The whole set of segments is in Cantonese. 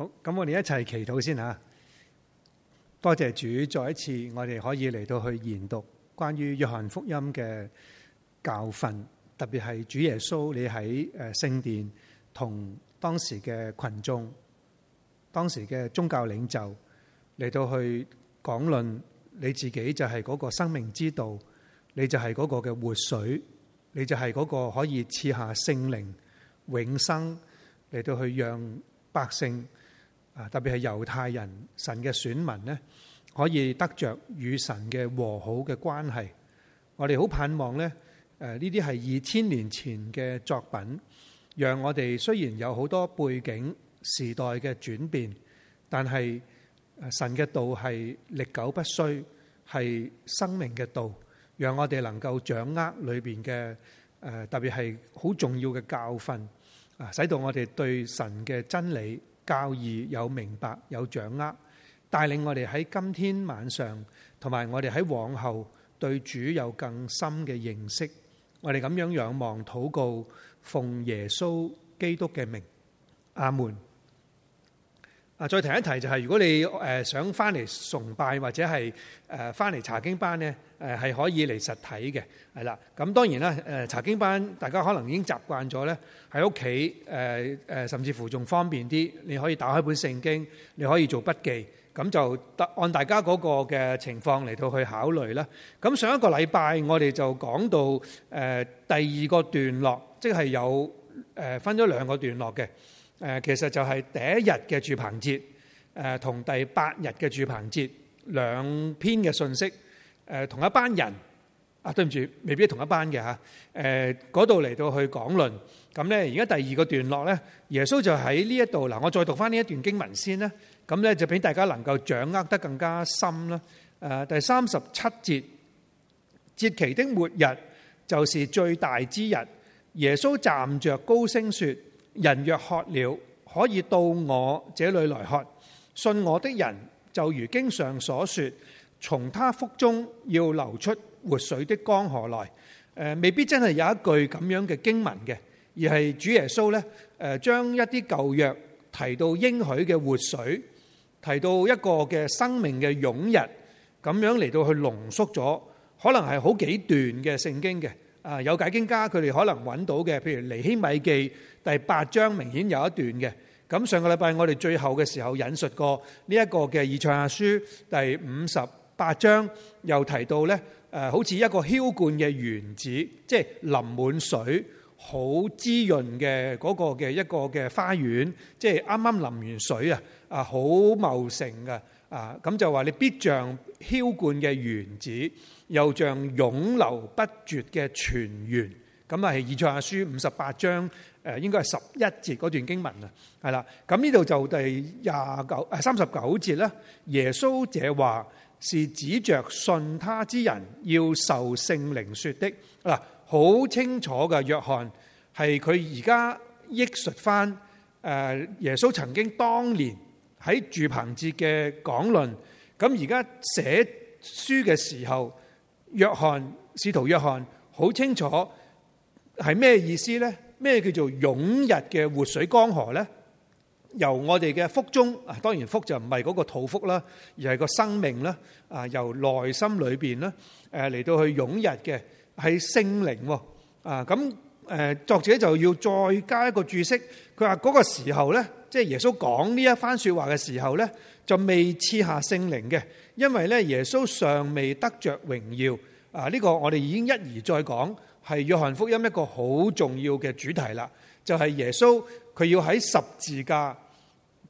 好，咁我哋一齊祈禱先吓。多謝主，再一次我哋可以嚟到去研讀關於約翰福音嘅教訓，特別係主耶穌你喺誒聖殿同當時嘅群眾，當時嘅宗教領袖嚟到去講論你自己就係嗰個生命之道，你就係嗰個嘅活水，你就係嗰個可以賜下聖靈永生嚟到去讓百姓。特別係猶太人，神嘅選民呢，可以得着與神嘅和好嘅關係。我哋好盼望呢誒呢啲係二千年前嘅作品，讓我哋雖然有好多背景時代嘅轉變，但係神嘅道係歷久不衰，係生命嘅道，讓我哋能夠掌握裏邊嘅誒，特別係好重要嘅教訓，啊，使到我哋對神嘅真理，教義有明白有掌握，帶領我哋喺今天晚上，同埋我哋喺往後對主有更深嘅認識。我哋咁樣仰望、禱告，奉耶穌基督嘅名，阿門。啊，再提一提就係，如果你誒想翻嚟崇拜或者係誒翻嚟查經班咧，誒係可以嚟實體嘅，係啦。咁當然啦，誒查經班大家可能已經習慣咗咧，喺屋企誒誒，甚至乎仲方便啲，你可以打開本聖經，你可以做筆記，咁就得按大家嗰個嘅情況嚟到去考慮啦。咁上一個禮拜我哋就講到誒第二個段落，即係有誒分咗兩個段落嘅。誒，其實就係第一日嘅住棚節，誒、呃、同第八日嘅住棚節兩篇嘅信息，誒、呃、同一班人，啊對唔住，未必同一班嘅吓，誒嗰度嚟到去講論，咁咧而家第二個段落咧，耶穌就喺呢一度嗱，我再讀翻呢一段經文先啦，咁、嗯、咧就俾大家能夠掌握得更加深啦，誒、呃、第三十七節，節期的末日就是最大之日，耶穌站着高聲說。人若渴了，可以到我這裏來喝。信我的人就如經上所說，從他腹中要流出活水的江河來。呃、未必真係有一句咁樣嘅經文嘅，而係主耶穌咧誒、呃，將一啲舊約提到應許嘅活水，提到一個嘅生命嘅湧溢咁樣嚟到去濃縮咗，可能係好幾段嘅聖經嘅。啊！有解經家佢哋可能揾到嘅，譬如尼希米記第八章明顯有一段嘅。咁上個禮拜我哋最後嘅時候引述過呢一個嘅以賽亞書第五十八章，又提到呢，誒好似一個澆灌嘅園子，即係淋滿水、好滋潤嘅嗰個嘅一個嘅花園，即係啱啱淋完水啊！啊，好茂盛嘅啊，咁就話你必像澆灌嘅園子。又像湧流不絕嘅泉源，咁係《以賽亞書》五十八章誒，應該係十一節嗰段經文是這裏 29, 啊，係啦。咁呢度就第廿九誒三十九節啦。耶穌這話是指着信他之人要受聖靈説的，嗱，好清楚嘅。約翰係佢而家憶述翻誒耶穌曾經當年喺住棚節嘅講論，咁而家寫書嘅時候。約翰，使徒約翰好清楚係咩意思咧？咩叫做湧入嘅活水江河咧？由我哋嘅腹中啊，當然福就唔係嗰個肚腹啦，而係個生命啦啊，由內心裏邊咧誒嚟，到去湧入嘅係聖靈喎啊！咁誒，作者就要再加一個註釋，佢話嗰個時候咧，即係耶穌講呢一番說話嘅時候咧，就未賜下聖靈嘅。因為咧，耶穌尚未得着榮耀，啊！呢個我哋已經一而再講，係約翰福音一個好重要嘅主題啦。就係耶穌佢要喺十字架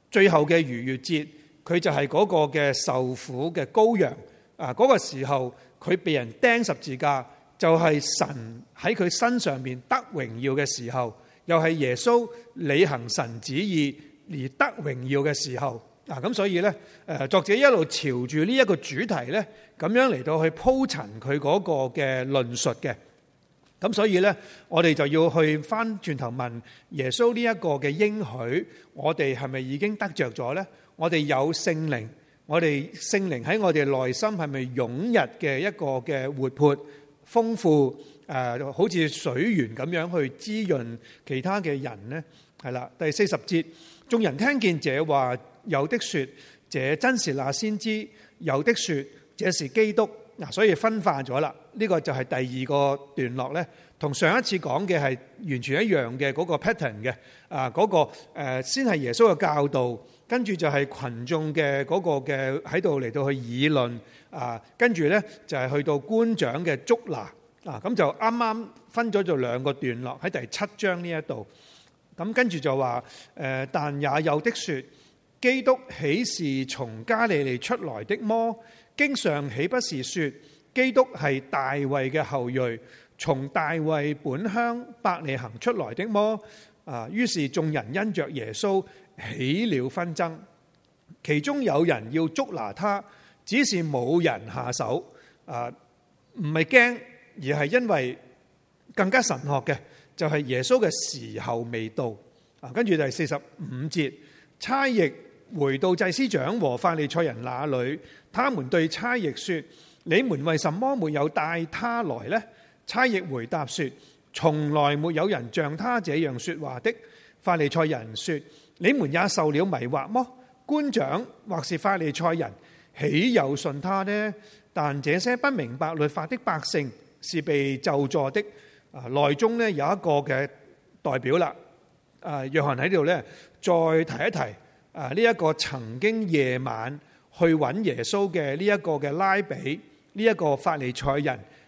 最後嘅逾越節，佢就係嗰個嘅受苦嘅羔羊。啊，嗰個時候佢被人釘十字架，就係神喺佢身上面得榮耀嘅時候，又係耶穌履行神旨意而得榮耀嘅時候。嗱、啊、咁所以咧，誒，作者一路朝住呢一個主題咧，咁樣嚟到去鋪陳佢嗰個嘅論述嘅。咁所以咧，我哋就要去翻轉頭問耶穌呢一個嘅應許，我哋係咪已經得着咗咧？我哋有聖靈，我哋聖靈喺我哋內心係咪湧入嘅一個嘅活潑、豐富？誒、呃，好似水源咁樣去滋潤其他嘅人呢？係啦，第四十節，眾人聽見者話。有的説這真是那先知，有的説這是基督，嗱，所以分化咗啦。呢個就係第二個段落咧，同上一次講嘅係完全一樣嘅嗰個 pattern 嘅啊，嗰個先係耶穌嘅教導，跟住就係群眾嘅嗰個嘅喺度嚟到去議論啊，跟住咧就係去到官長嘅捉拿啊，咁就啱啱分咗做兩個段落喺第七章呢一度，咁跟住就話誒，但也有的説。基督豈是從加利利出來的麼？經上豈不是說基督係大衛嘅後裔，從大衛本鄉伯利恆出來的麼？啊，於是眾人因着耶穌起了紛爭，其中有人要捉拿他，只是冇人下手。啊，唔係驚，而係因為更加神學嘅，就係、是、耶穌嘅時候未到。啊，跟住第四十五節差役。回到祭司長和法利賽人那裏，他們對差役說：你們為什麼沒有帶他來呢？差役回答說：從來沒有人像他這樣說話的。法利賽人說：你們也受了迷惑麼？官長或是法利賽人豈有信他呢？但這些不明白律法的百姓是被咒詛的。啊，內中呢有一個嘅代表啦。啊，約翰喺呢度呢，再提一提。啊！呢、這、一個曾經夜晚去揾耶穌嘅呢一個嘅拉比，呢、這、一個法利賽人，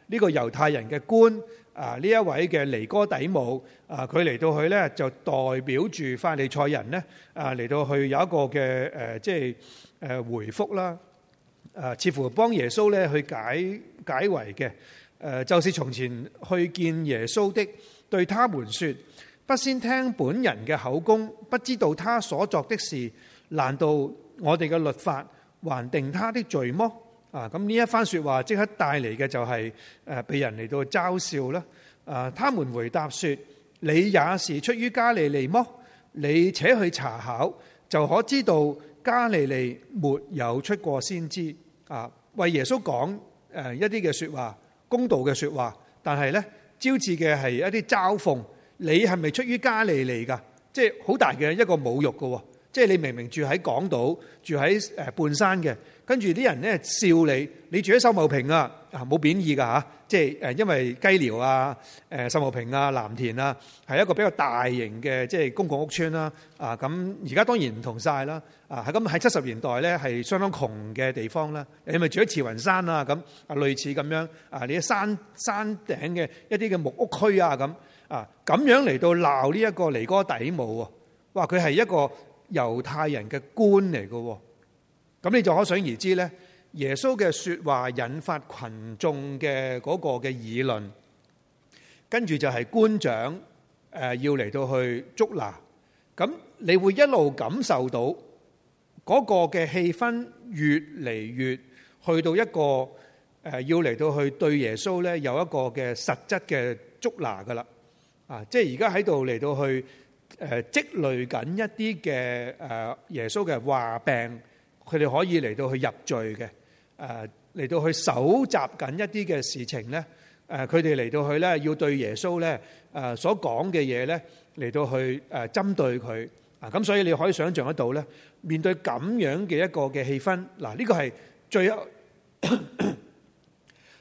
呢、這個猶太人嘅官，啊！呢一位嘅尼哥底母，啊！佢嚟到去呢，就代表住法利賽人呢，啊嚟到去有一個嘅誒、呃、即係誒、呃、回覆啦，啊，似乎幫耶穌呢去解解圍嘅，誒、啊、就是從前去見耶穌的，對他們說。不先聽本人嘅口供，不知道他所作的事，難道我哋嘅律法還定他的罪麼？啊，咁呢一番說話即刻帶嚟嘅就係誒，被人嚟到嘲笑啦。啊，他們回答說：你也是出於加利利麼？你且去查考，就可知道加利利沒有出過先知。啊，為耶穌講誒一啲嘅說話，公道嘅說話，但係呢，招致嘅係一啲嘲諷。你係咪出於家裏嚟㗎？即係好大嘅一個侮辱嘅喎！即係你明明住喺港島，住喺誒半山嘅，跟住啲人咧笑你。你住喺秀茂坪啊，啊冇貶義㗎嚇！即係誒，因為雞寮啊、誒秀茂坪啊、藍田啊，係一個比較大型嘅即係公共屋村啦。啊，咁而家當然唔同晒啦。啊，係咁喺七十年代咧，係相當窮嘅地方啦。你咪住喺慈雲山啊，咁啊類似咁樣啊，你喺山山頂嘅一啲嘅木屋區啊咁。啊！咁樣嚟到鬧呢一個尼哥底母喎，哇！佢係一個猶太人嘅官嚟嘅，咁你就可想而知咧。耶穌嘅說話引發群眾嘅嗰個嘅議論，跟住就係官長誒要嚟到去捉拿，咁你會一路感受到嗰個嘅氣氛越嚟越去到一個誒要嚟到去對耶穌咧有一個嘅實質嘅捉拿噶啦。啊！即係而家喺度嚟到去誒積累緊一啲嘅誒耶穌嘅話病，佢哋可以嚟到去入罪嘅誒嚟到去搜集緊一啲嘅事情咧誒佢哋嚟到去咧要對耶穌咧誒所講嘅嘢咧嚟到去誒針對佢啊！咁所以你可以想象得到咧，面對咁樣嘅一個嘅氣氛，嗱、這、呢個係最後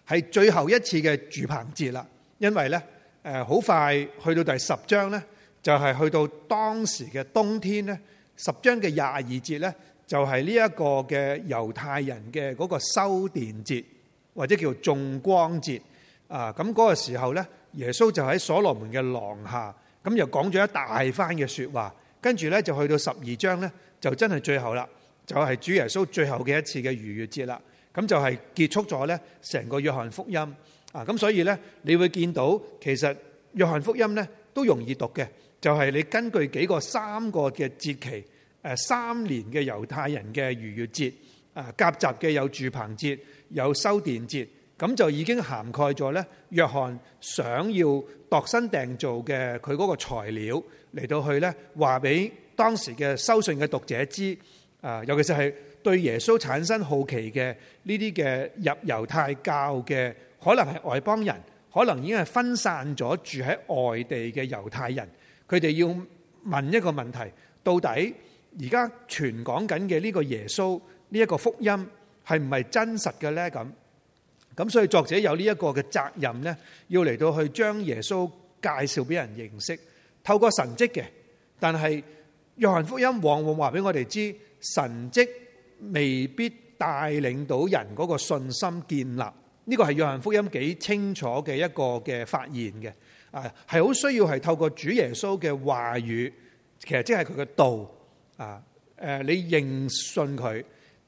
係最後一次嘅住棚節啦，因為咧。誒好快去到第十章呢，就係、是、去到當時嘅冬天呢。十章嘅廿二節呢，就係呢一個嘅猶太人嘅嗰個修殿節或者叫做燭光節啊。咁、那、嗰個時候呢，耶穌就喺所羅門嘅廊下，咁又講咗一大番嘅説話。跟住呢，就去到十二章呢，就真係最後啦，就係、是、主耶穌最後嘅一次嘅逾越節啦。咁就係、是、結束咗呢成個約翰福音。啊，咁所以咧，你會見到其實約翰福音咧都容易讀嘅，就係你根據幾個三個嘅節期，誒三年嘅猶太人嘅逾越節，啊夾雜嘅有住棚節，有修殿節，咁就已經涵蓋咗咧。約翰想要度身訂造嘅佢嗰個材料嚟到去咧，話俾當時嘅收信嘅讀者知，啊，尤其是係對耶穌產生好奇嘅呢啲嘅入猶太教嘅。可能係外邦人，可能已經係分散咗住喺外地嘅猶太人。佢哋要問一個問題：到底而家傳講緊嘅呢個耶穌呢一個福音係唔係真實嘅呢？咁咁所以作者有呢一個嘅責任呢，要嚟到去將耶穌介紹俾人認識，透過神蹟嘅。但係約翰福音往往話俾我哋知，神蹟未必帶領到人嗰個信心建立。呢個係約翰福音幾清楚嘅一個嘅發現嘅，啊係好需要係透過主耶穌嘅話語，其實即係佢嘅道啊，誒你認信佢、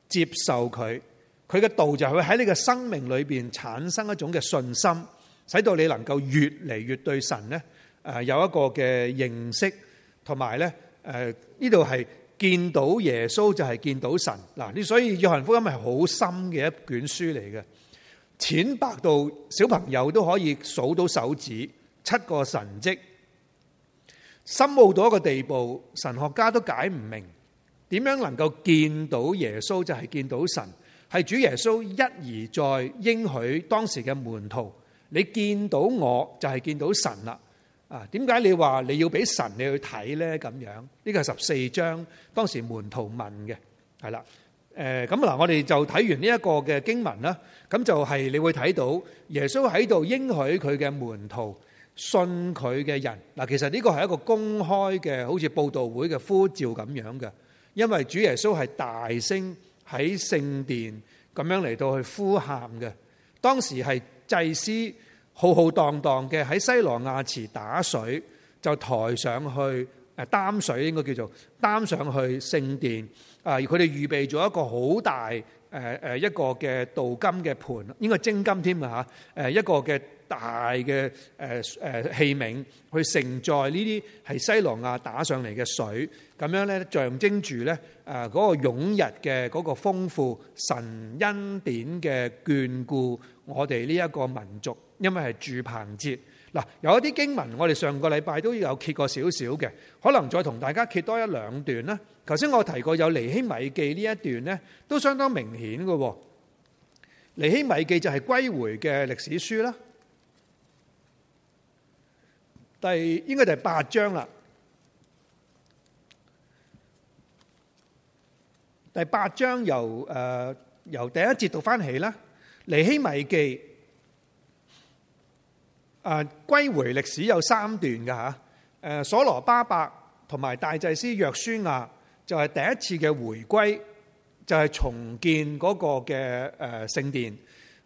接受佢，佢嘅道就係會喺你嘅生命裏邊產生一種嘅信心，使到你能夠越嚟越對神咧誒有一個嘅認識，同埋咧誒呢度係見到耶穌就係見到神嗱，所以約翰福音係好深嘅一卷書嚟嘅。淺白到小朋友都可以數到手指，七個神蹟，深奧到一個地步，神學家都解唔明，點樣能夠見到耶穌就係、是、見到神，係主耶穌一而再應許當時嘅門徒，你見到我就係、是、見到神啦。啊，點解你話你要俾神你去睇呢？咁樣呢個係十四章，當時門徒問嘅，係啦。誒咁嗱，我哋就睇完呢一個嘅經文啦。咁就係你會睇到耶穌喺度應許佢嘅門徒信佢嘅人。嗱，其實呢個係一個公開嘅，好似佈道會嘅呼召咁樣嘅。因為主耶穌係大聲喺聖殿咁樣嚟到去呼喊嘅。當時係祭司浩浩蕩蕩嘅喺西羅亞池打水，就抬上去誒擔水應該叫做擔上去聖殿。啊！佢哋預備咗一個好大誒誒一個嘅鍍金嘅盤，應該精金添啊嚇！誒一個嘅大嘅誒誒器皿去盛載呢啲係西羅亞打上嚟嘅水，咁樣咧象徵住咧誒嗰個湧入嘅嗰個豐富神恩典嘅眷顧我哋呢一個民族，因為係住棚節嗱，有一啲經文我哋上個禮拜都有揭過少少嘅，可能再同大家揭多一兩段啦。頭先我提過有《尼希米記》呢一段呢，都相當明顯嘅。《尼希米記》就係歸回嘅歷史書啦。第應該就係八章啦。第八章由誒、呃、由第一節讀翻起啦，《尼希米記》啊、呃，歸回歷史有三段嘅吓。誒、呃，所羅巴伯同埋大祭司約書亞。就係、是、第一次嘅回歸，就係、是、重建嗰個嘅誒聖殿。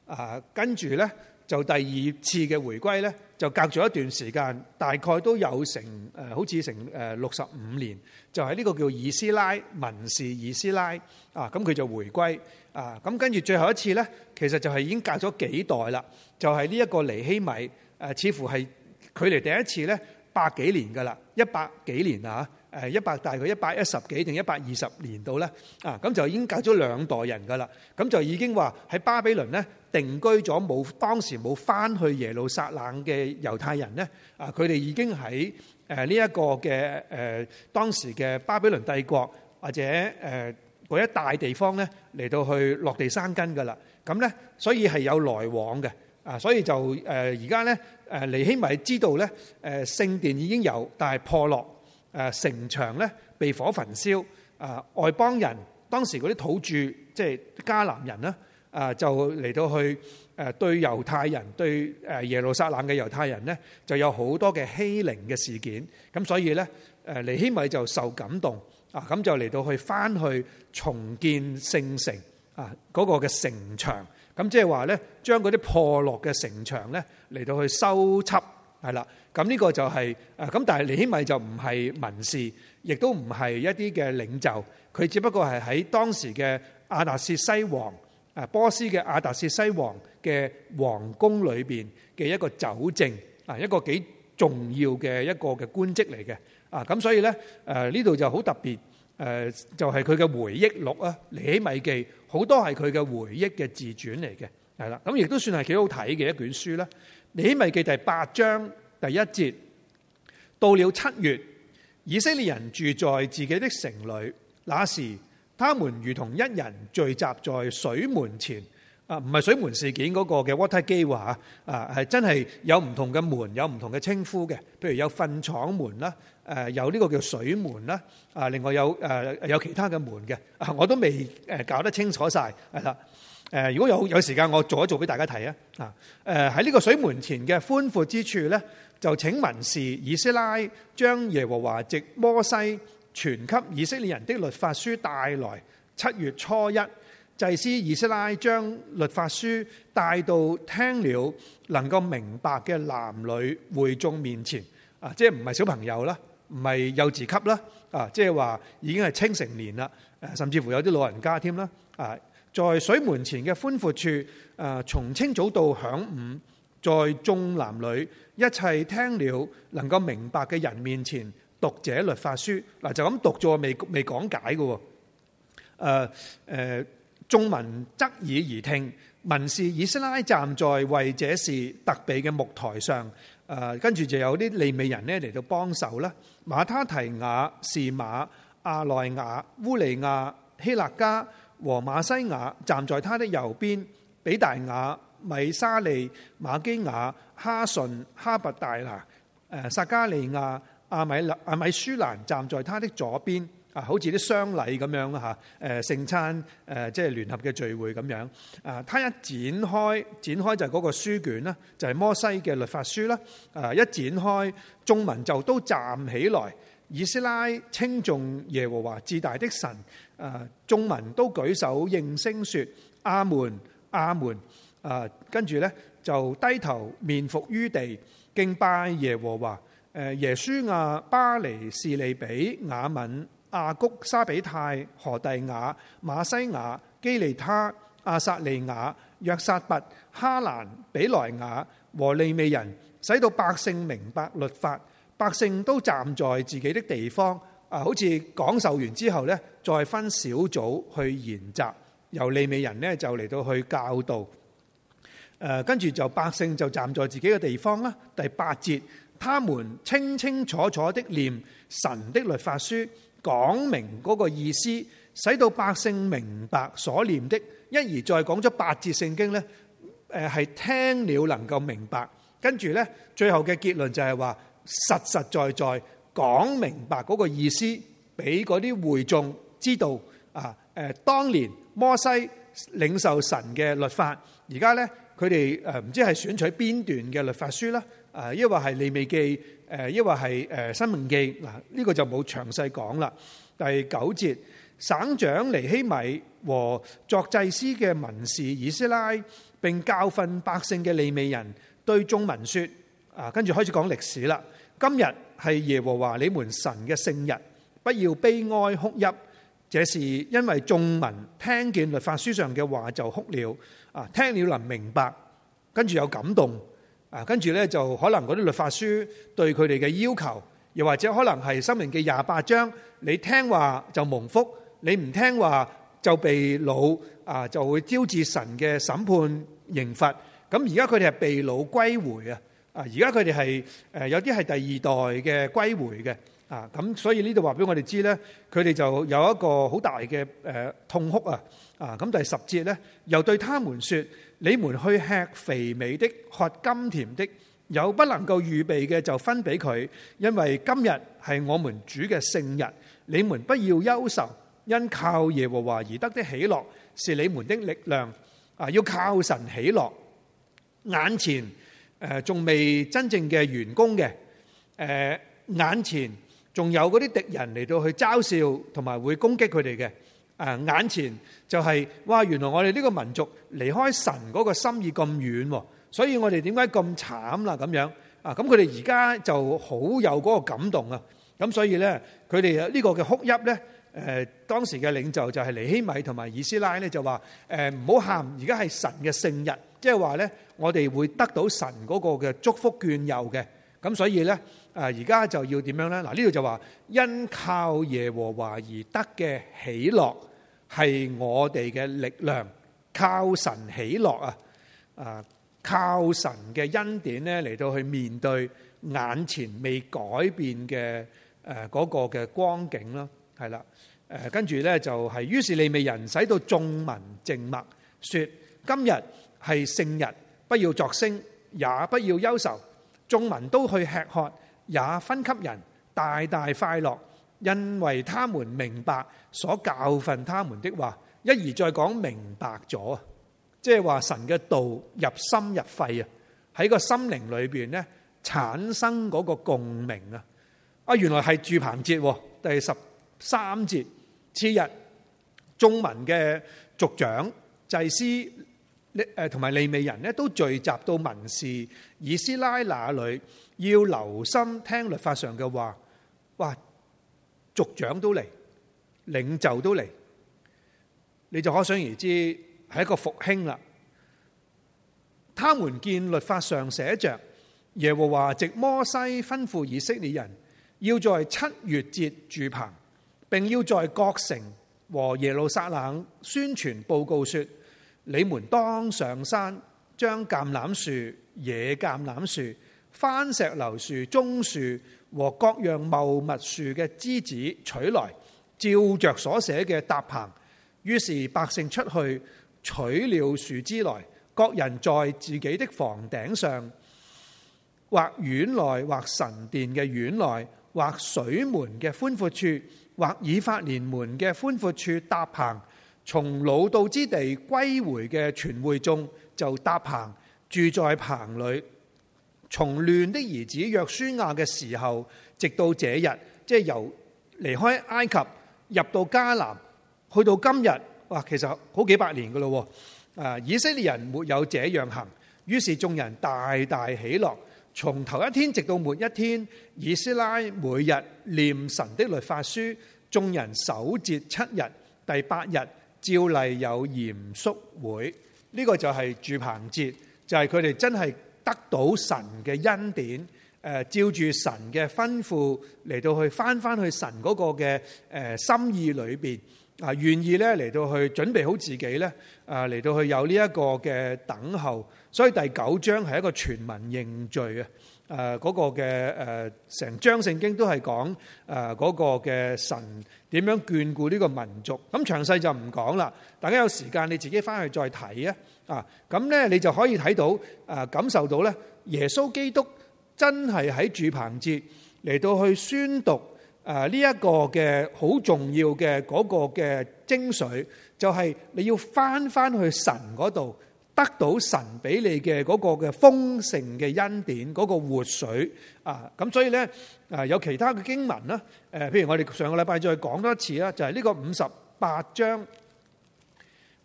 啊，跟住咧就第二次嘅回歸咧，就隔咗一段時間，大概都有成誒，好似成誒六十五年，就係、是、呢個叫以斯拉文士以斯拉啊，咁佢就回歸啊。咁跟住最後一次咧，其實就係已經隔咗幾代啦，就係呢一個尼希米、啊、似乎係距離第一次咧百幾年噶啦，一百幾年啊。誒一百，大概一百一十幾定一百二十年度咧，啊，咁就已經隔咗兩代人噶啦，咁就已經話喺巴比倫咧定居咗冇，當時冇返去耶路撒冷嘅猶太人咧，啊，佢哋已經喺誒呢一個嘅誒當時嘅巴比倫帝國或者誒嗰一大地方咧嚟到去落地生根噶啦，咁咧，所以係有來往嘅，啊，所以就誒而家咧誒尼希米知道咧誒聖殿已經有，但係破落。誒城牆咧被火焚燒，啊外邦人當時嗰啲土著，即係迦南人呢，啊就嚟到去誒對猶太人，對誒耶路撒冷嘅猶太人呢，就有好多嘅欺凌嘅事件，咁所以咧，誒尼希米就受感動，啊咁就嚟到去翻去重建聖城，啊、那、嗰個嘅城牆，咁即係話咧，將嗰啲破落嘅城牆咧嚟到去修葺。係啦，咁呢個就係，是，啊咁但係尼希米就唔係文士，亦都唔係一啲嘅領袖，佢只不過係喺當時嘅亞達士西王，波斯嘅亞達士西王嘅皇宮裏面嘅一個酒政，啊一個幾重要嘅一個嘅官職嚟嘅，啊咁所以咧，呃、呢度就好特別，呃、就係佢嘅回憶錄啊，尼希米記好多係佢嘅回憶嘅自傳嚟嘅，係啦，咁亦都算係幾好睇嘅一卷書啦。尼希米記第八章第一節，到了七月，以色列人住在自己的城裏。那時，他們如同一人聚集在水門前。啊，唔係水門事件嗰個嘅 water gate 喎嚇啊，係真係有唔同嘅門，有唔同嘅稱呼嘅。譬如有糞廠門啦、啊，有呢個叫水門啦。啊，另外有、啊、有其他嘅門嘅。啊，我都未搞得清楚晒。啦。誒，如果有有時間，我做一做俾大家睇啊！啊誒，喺呢個水門前嘅寬闊之處呢，就請文士以斯拉將耶和華藉摩西傳給以色列人的律法書帶來。七月初一，祭司以斯拉將律法書帶到聽了能夠明白嘅男女會眾面前啊！即係唔係小朋友啦，唔係幼稚級啦啊！即係話已經係青成年啦，啊，甚至乎有啲老人家添啦啊！在水門前嘅寬闊處，誒，從清早到晌午，在眾男女一切聽了能夠明白嘅人面前讀這律法書，嗱，就咁讀咗未未講解嘅，誒誒，眾民側耳而聽，文士以斯拉站在為這事特備嘅木台上，誒，跟住就有啲利未人咧嚟到幫手啦，瑪他提雅、示瑪亞、奈雅、烏利亞、希勒家。和馬西亞站在他的右邊，比大雅、米沙利、馬基雅、哈順、哈拔大拿、誒撒加利亞、阿米勒、阿米舒蘭站在他的左邊，啊，好似啲商禮咁樣嚇，誒聖餐誒即係聯合嘅聚會咁樣。啊，他一展開展開就係嗰個書卷啦，就係、是、摩西嘅律法書啦。啊，一展開眾民就都站起來，以斯拉稱頌耶和華至大的神。誒，眾民都舉手應聲說：阿門，阿門。誒、啊，跟住呢，就低頭面伏於地，敬拜耶和華。誒，耶書亞、巴尼士利比、雅敏、亞谷、沙比泰、荷第雅、馬西雅、基利他、亞撒利雅、約撒拔、哈蘭、比來雅和利未人，使到百姓明白律法。百姓都站在自己的地方。啊！好似講授完之後呢，再分小組去研習，由利未人呢，就嚟到去教導。跟住就百姓就站在自己嘅地方啦。第八節，他們清清楚楚的念神的律法書，講明嗰個意思，使到百姓明白所念的。一而再講咗八節聖經呢，誒係聽了能夠明白。跟住呢，最後嘅結論就係話實實在在。講明白嗰個意思，俾嗰啲會眾知道啊！誒，當年摩西領受神嘅律法，而家呢佢哋誒唔知係選取邊段嘅律法書啦？誒，抑或係利未記，誒抑或係誒申命記嗱，呢個就冇詳細講啦。第九節，省長尼希米和作祭司嘅文士以斯拉，並教訓百姓嘅利未人對眾民説：啊，跟住開始講歷史啦。今日。係耶和華你們神嘅聖日，不要悲哀哭泣。這是因為眾民聽見律法書上嘅話就哭了啊，聽了能明白，跟住有感動啊，跟住咧就可能嗰啲律法書對佢哋嘅要求，又或者可能係《申命記》嘅廿八章，你聽話就蒙福，你唔聽話就被擄啊，就會招致神嘅審判刑罰。咁而家佢哋係被擄歸回啊。啊！而家佢哋係誒有啲係第二代嘅歸回嘅，啊咁，所以呢度話俾我哋知咧，佢哋就有一個好大嘅誒痛哭啊！啊咁，第十節咧，又對他們説：你們去吃肥美的，喝甘甜的，有不能夠預備嘅就分俾佢，因為今日係我們主嘅聖日，你們不要憂愁，因靠耶和華而得的喜樂是你們的力量啊！要靠神喜樂，眼前，誒仲未真正嘅完工嘅，誒眼前仲有嗰啲敵人嚟到去嘲笑同埋會攻擊佢哋嘅，誒眼前就係哇原來我哋呢個民族離開神嗰個心意咁遠，所以我哋點解咁慘啦咁樣？啊咁佢哋而家就好有嗰個感動啊！咁所以咧，佢哋呢個嘅哭泣咧，誒當時嘅領袖就係尼希米同埋以斯拉咧就話誒唔好喊，而家係神嘅聖日。即係話咧，我哋會得到神嗰個嘅祝福眷佑嘅，咁所以咧，誒而家就要點樣咧？嗱，呢度就話因靠耶和華而得嘅喜樂係我哋嘅力量，靠神喜樂啊，誒，靠神嘅恩典咧嚟到去面對眼前未改變嘅誒嗰個嘅光景咯，係啦，誒跟住咧就係、是、於是利未人使到眾民靜默，説今日，係聖日，不要作聲，也不要憂愁。眾民都去吃喝，也分給人，大大快樂，因為他們明白所教訓他們的話。一而再講明白咗，即係話神嘅道入心入肺啊！喺個心靈裏邊咧產生嗰個共鳴啊！啊，原來係住棚節，第十三節。次日，眾民嘅族長祭司。誒，同埋利未人呢都聚集到民事以斯拉那裏，要留心聽律法上嘅話。哇，族長都嚟，領袖都嚟，你就可想而知係一個復興啦。他們見律法上寫着耶和華藉摩西吩咐以色列人要在七月節住棚，並要在各城和耶路撒冷宣傳報告說。你們當上山，將橄欖樹、野橄欖樹、番石榴樹、棕樹和各樣茂密樹嘅枝子取來，照着所寫嘅搭棚。於是百姓出去取了樹枝來，各人在自己的房頂上、或院內、或神殿嘅院內、或水門嘅寬闊處、或以法蓮門嘅寬闊處搭棚。從老道之地歸回嘅全會眾就搭棚住在棚裏。從亂的兒子約書亞嘅時候，直到這日，即係由離開埃及入到迦南，去到今日，哇！其實好幾百年噶咯，啊！以色列人沒有這樣行，於是眾人大大喜樂。從頭一天直到末一天，以斯拉每日念神的律法書，眾人守節七日，第八日。照例有嚴肅會，呢、這個就係住棚節，就係佢哋真係得到神嘅恩典，誒、呃、照住神嘅吩咐嚟到去返返去神嗰個嘅誒、呃、心意裏邊啊，願、呃、意咧嚟到去準備好自己咧啊，嚟、呃、到去有呢一個嘅等候。所以第九章係一個全民認罪啊！誒嗰個嘅誒成章聖經都係講誒嗰個嘅神點樣眷顧呢個民族，咁詳細就唔講啦。大家有時間你自己翻去再睇啊！啊，咁咧你就可以睇到啊，感受到咧耶穌基督真係喺住棚節嚟到去宣讀誒呢一個嘅好重要嘅嗰個嘅精髓，就係你要翻翻去神嗰度。得到神俾你嘅嗰個嘅豐盛嘅恩典，嗰、那個活水啊！咁所以呢，啊，有其他嘅經文啦。誒、啊，譬如我哋上個禮拜再講多一次啦，就係、是、呢個五十八章，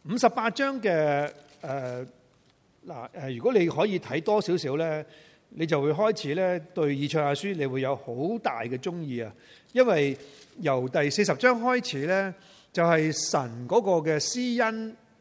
五十八章嘅誒嗱誒，如果你可以睇多少少呢，你就會開始呢對以賽亞書，你會有好大嘅鍾意啊！因為由第四十章開始呢，就係、是、神嗰個嘅施恩。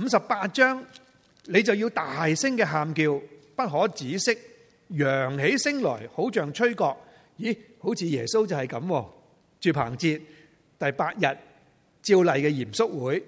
五十八章，你就要大聲嘅喊叫，不可止息，揚起聲來，好像吹角。咦，好似耶穌就係咁，住棚節第八日，照例嘅嚴肅會，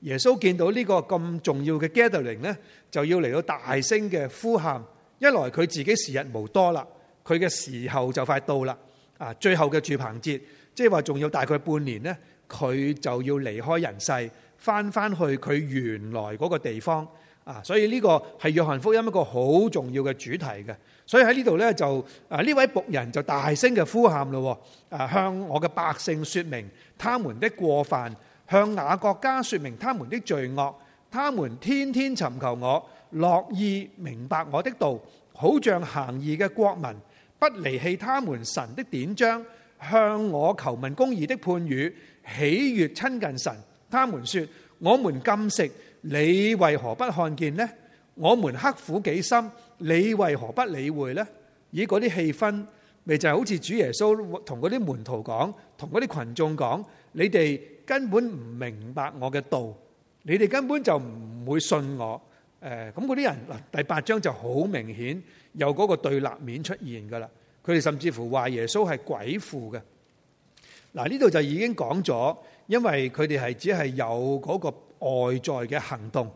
耶穌見到呢個咁重要嘅 gathering 呢，就要嚟到大聲嘅呼喊。一來佢自己時日無多啦，佢嘅時候就快到啦。啊，最後嘅住棚節，即係話仲要大概半年呢，佢就要離開人世。翻翻去佢原來嗰個地方啊，所以呢個係約翰福音一個好重要嘅主題嘅。所以喺呢度呢，就啊呢位僕人就大聲嘅呼喊咯，啊向我嘅百姓說明他們的過犯，向雅各家說明他們的罪惡。他們天天尋求我，樂意明白我的道，好像行義嘅國民，不離棄他們神的典章，向我求問公義的判語，喜悅親近神。他們說：我們禁食，你為何不看見呢？我們刻苦己心，你為何不理會呢？以嗰啲氣氛，咪就係、是、好似主耶穌同嗰啲門徒講，同嗰啲群眾講：你哋根本唔明白我嘅道，你哋根本就唔會信我。誒、嗯，咁嗰啲人嗱，第八章就好明顯有嗰個對立面出現噶啦。佢哋甚至乎話耶穌係鬼附嘅。嗱，呢度就已經講咗。因為佢哋係只係有嗰個外在嘅行動，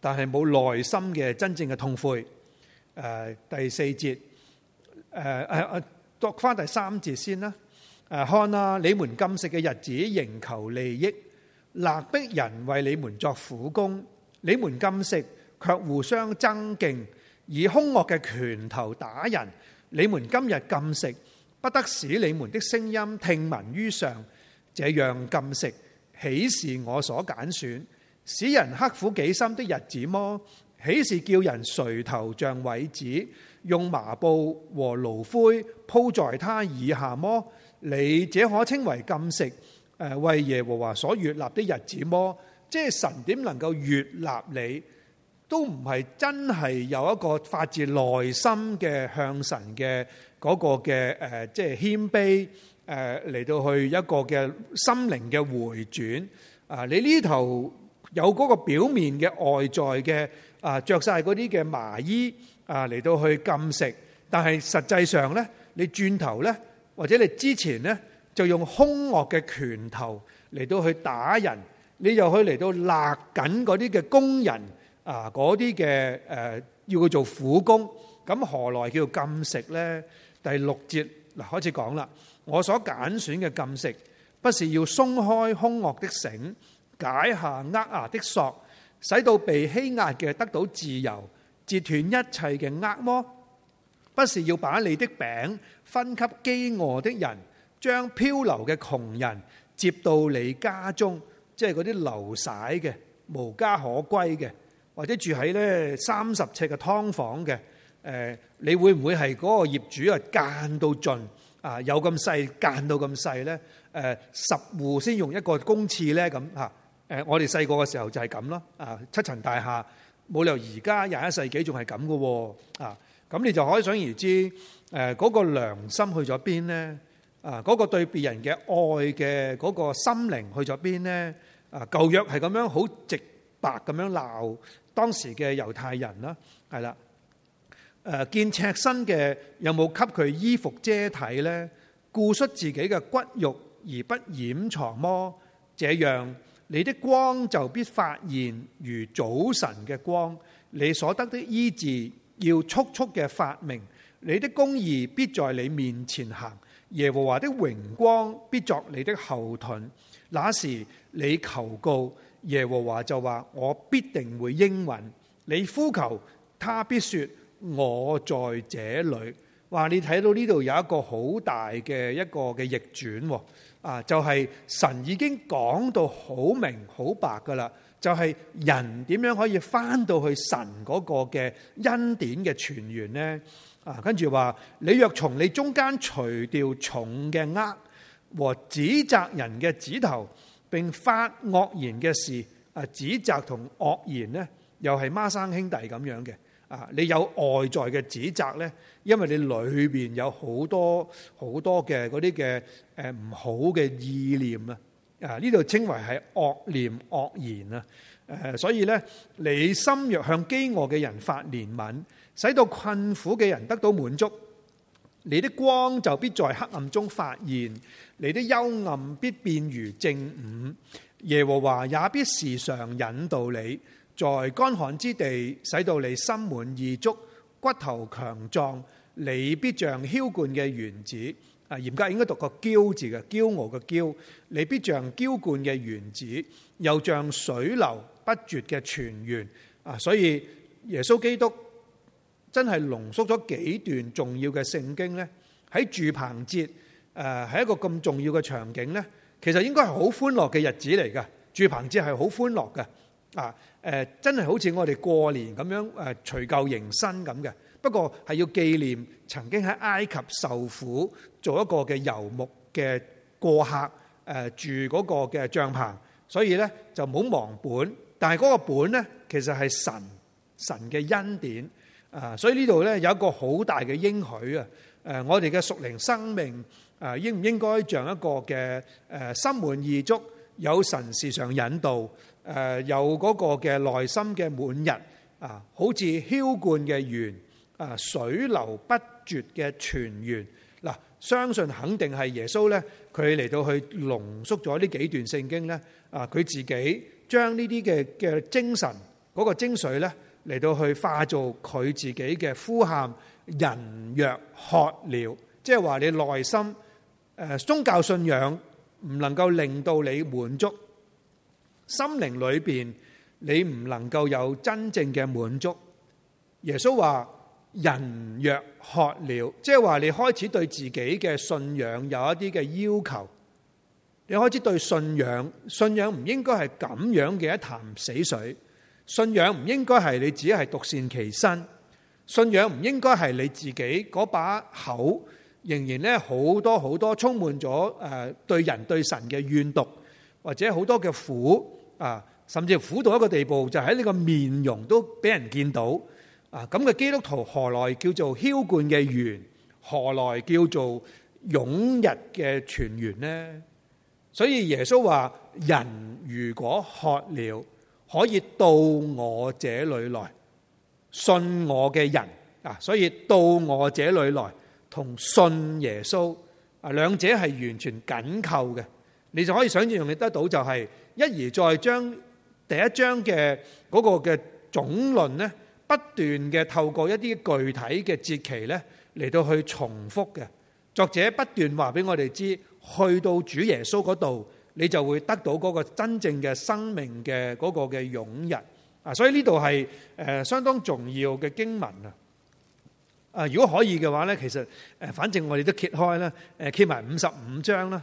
但係冇內心嘅真正嘅痛悔。誒、呃，第四節誒誒誒，讀翻、呃、第三節先啦。誒，看啦、啊，你們禁食嘅日子，仍求利益，勒逼人為你們作苦工。你們禁食，卻互相爭競，以兇惡嘅拳頭打人。你們今日禁食，不得使你們的聲音聽聞於上。這樣禁食，豈是我所揀選、使人刻苦己心的日子麼？豈是叫人垂頭像葦子，用麻布和爐灰鋪在他以下麼？你這可稱為禁食，誒為耶和華所悅納的日子麼？即係神點能夠悅納你，都唔係真係有一個發自內心嘅向神嘅嗰、那個嘅誒，即係謙卑。誒，嚟到去一個嘅心靈嘅回轉啊！你呢頭有嗰個表面嘅外在嘅啊，著晒嗰啲嘅麻衣啊，嚟到去禁食，但係實際上咧，你轉頭咧，或者你之前咧，就用兇惡嘅拳頭嚟到去打人，你又去嚟到勒緊嗰啲嘅工人啊，嗰啲嘅誒，要佢做苦工，咁何來叫做禁食咧？第六節嗱，開始講啦。我所揀選嘅禁食，不是要鬆開兇惡的繩，解下扼牙的索，使到被欺壓嘅得到自由，截斷一切嘅軛嗎；不是要把你的餅分給飢餓的人，將漂流嘅窮人接到你家中，即係嗰啲流晒嘅、無家可歸嘅，或者住喺呢三十尺嘅劏房嘅，誒，你會唔會係嗰個業主啊奸到盡？啊！有咁細間到咁細咧？誒，十戶先用一個公廁咧，咁嚇誒！我哋細個嘅時候就係咁咯啊！七層大廈冇理由而家廿一世紀仲係咁㗎喎啊！咁你就可以想而知誒，嗰個良心去咗邊咧？啊，嗰個對別人嘅愛嘅嗰個心靈去咗邊咧？啊，舊約係咁樣好直白咁樣鬧當時嘅猶太人啦，係啦。誒見赤身嘅有冇給佢衣服遮體呢？顧恤自己嘅骨肉而不掩藏麼？這樣你的光就必發現如早晨嘅光，你所得的醫治要速速嘅發明，你的公義必在你面前行，耶和華的榮光必作你的後盾。那時你求告耶和華就話：我必定會應允你呼求，他必説。我在這裏，哇！你睇到呢度有一個好大嘅一個嘅逆轉，啊，就係、是、神已經講到好明好白噶啦，就係、是、人點樣可以返到去神嗰個嘅恩典嘅泉源呢？啊，跟住話你若從你中間除掉重嘅軛和指責人嘅指頭，並發惡言嘅事啊，指責同惡言呢，又係孖生兄弟咁樣嘅。啊！你有外在嘅指責呢？因為你裏邊有很多很多的不好多好多嘅嗰啲嘅誒唔好嘅意念啊！啊呢度稱為係惡念惡言啊！誒，所以呢，你心若向飢餓嘅人發憐憫，使到困苦嘅人得到滿足，你的光就必在黑暗中發現，你的幽暗必變如正午，耶和華也必時常引導你。在乾旱之地，使到你心滿意足，骨頭強壯，你必像澆灌嘅園子。啊，嚴格應該讀個驕字嘅，驕傲嘅驕，你必像澆灌嘅園子，又像水流不絕嘅泉源。啊，所以耶穌基督真係濃縮咗幾段重要嘅聖經呢。喺住棚節，誒，係一個咁重要嘅場景呢。其實應該係好歡樂嘅日子嚟嘅，住棚節係好歡樂嘅，啊。誒真係好似我哋過年咁樣誒除舊迎新咁嘅，不過係要紀念曾經喺埃及受苦做一個嘅遊牧嘅過客，誒住嗰個嘅帳棚，所以呢，就冇忘本，但係嗰個本呢，其實係神神嘅恩典啊，所以呢度呢，有一個好大嘅應許啊！誒我哋嘅屬靈生命誒應唔應該像一個嘅誒心滿意足，有神事上引導？誒有嗰個嘅內心嘅滿溢，啊，好似飄灌嘅源啊，水流不絕嘅泉源嗱，相信肯定係耶穌呢，佢嚟到去濃縮咗呢幾段聖經呢，啊，佢自己將呢啲嘅嘅精神嗰、那個精髓呢，嚟到去化做佢自己嘅呼喊，人若渴了，即係話你內心宗教信仰唔能夠令到你滿足。心靈裏邊你唔能夠有真正嘅滿足。耶穌話：人若渴了，即係話你開始對自己嘅信仰有一啲嘅要求。你開始對信仰，信仰唔應該係咁樣嘅一潭死水。信仰唔應該係你自己係獨善其身。信仰唔應該係你自己嗰把口仍然咧，好多好多充滿咗誒對人對神嘅怨毒，或者好多嘅苦。啊，甚至苦到一個地步，就喺、是、你個面容都俾人見到。啊，咁嘅基督徒何來叫做囂冠嘅緣？何來叫做湧日嘅全員呢？所以耶穌話：人如果渴了，可以到我這裏來，信我嘅人啊。所以到我這裏來同信耶穌啊，兩者係完全緊扣嘅。你就可以想象，容易得到就係、是。一而再將第一章嘅嗰個嘅總論咧，不斷嘅透過一啲具體嘅節期咧嚟到去重複嘅，作者不斷話俾我哋知，去到主耶穌嗰度，你就會得到嗰個真正嘅生命嘅嗰個嘅擁日。啊！所以呢度係誒相當重要嘅經文啊！啊，如果可以嘅話咧，其實誒，反正我哋都揭開啦，誒，揭埋五十五章啦。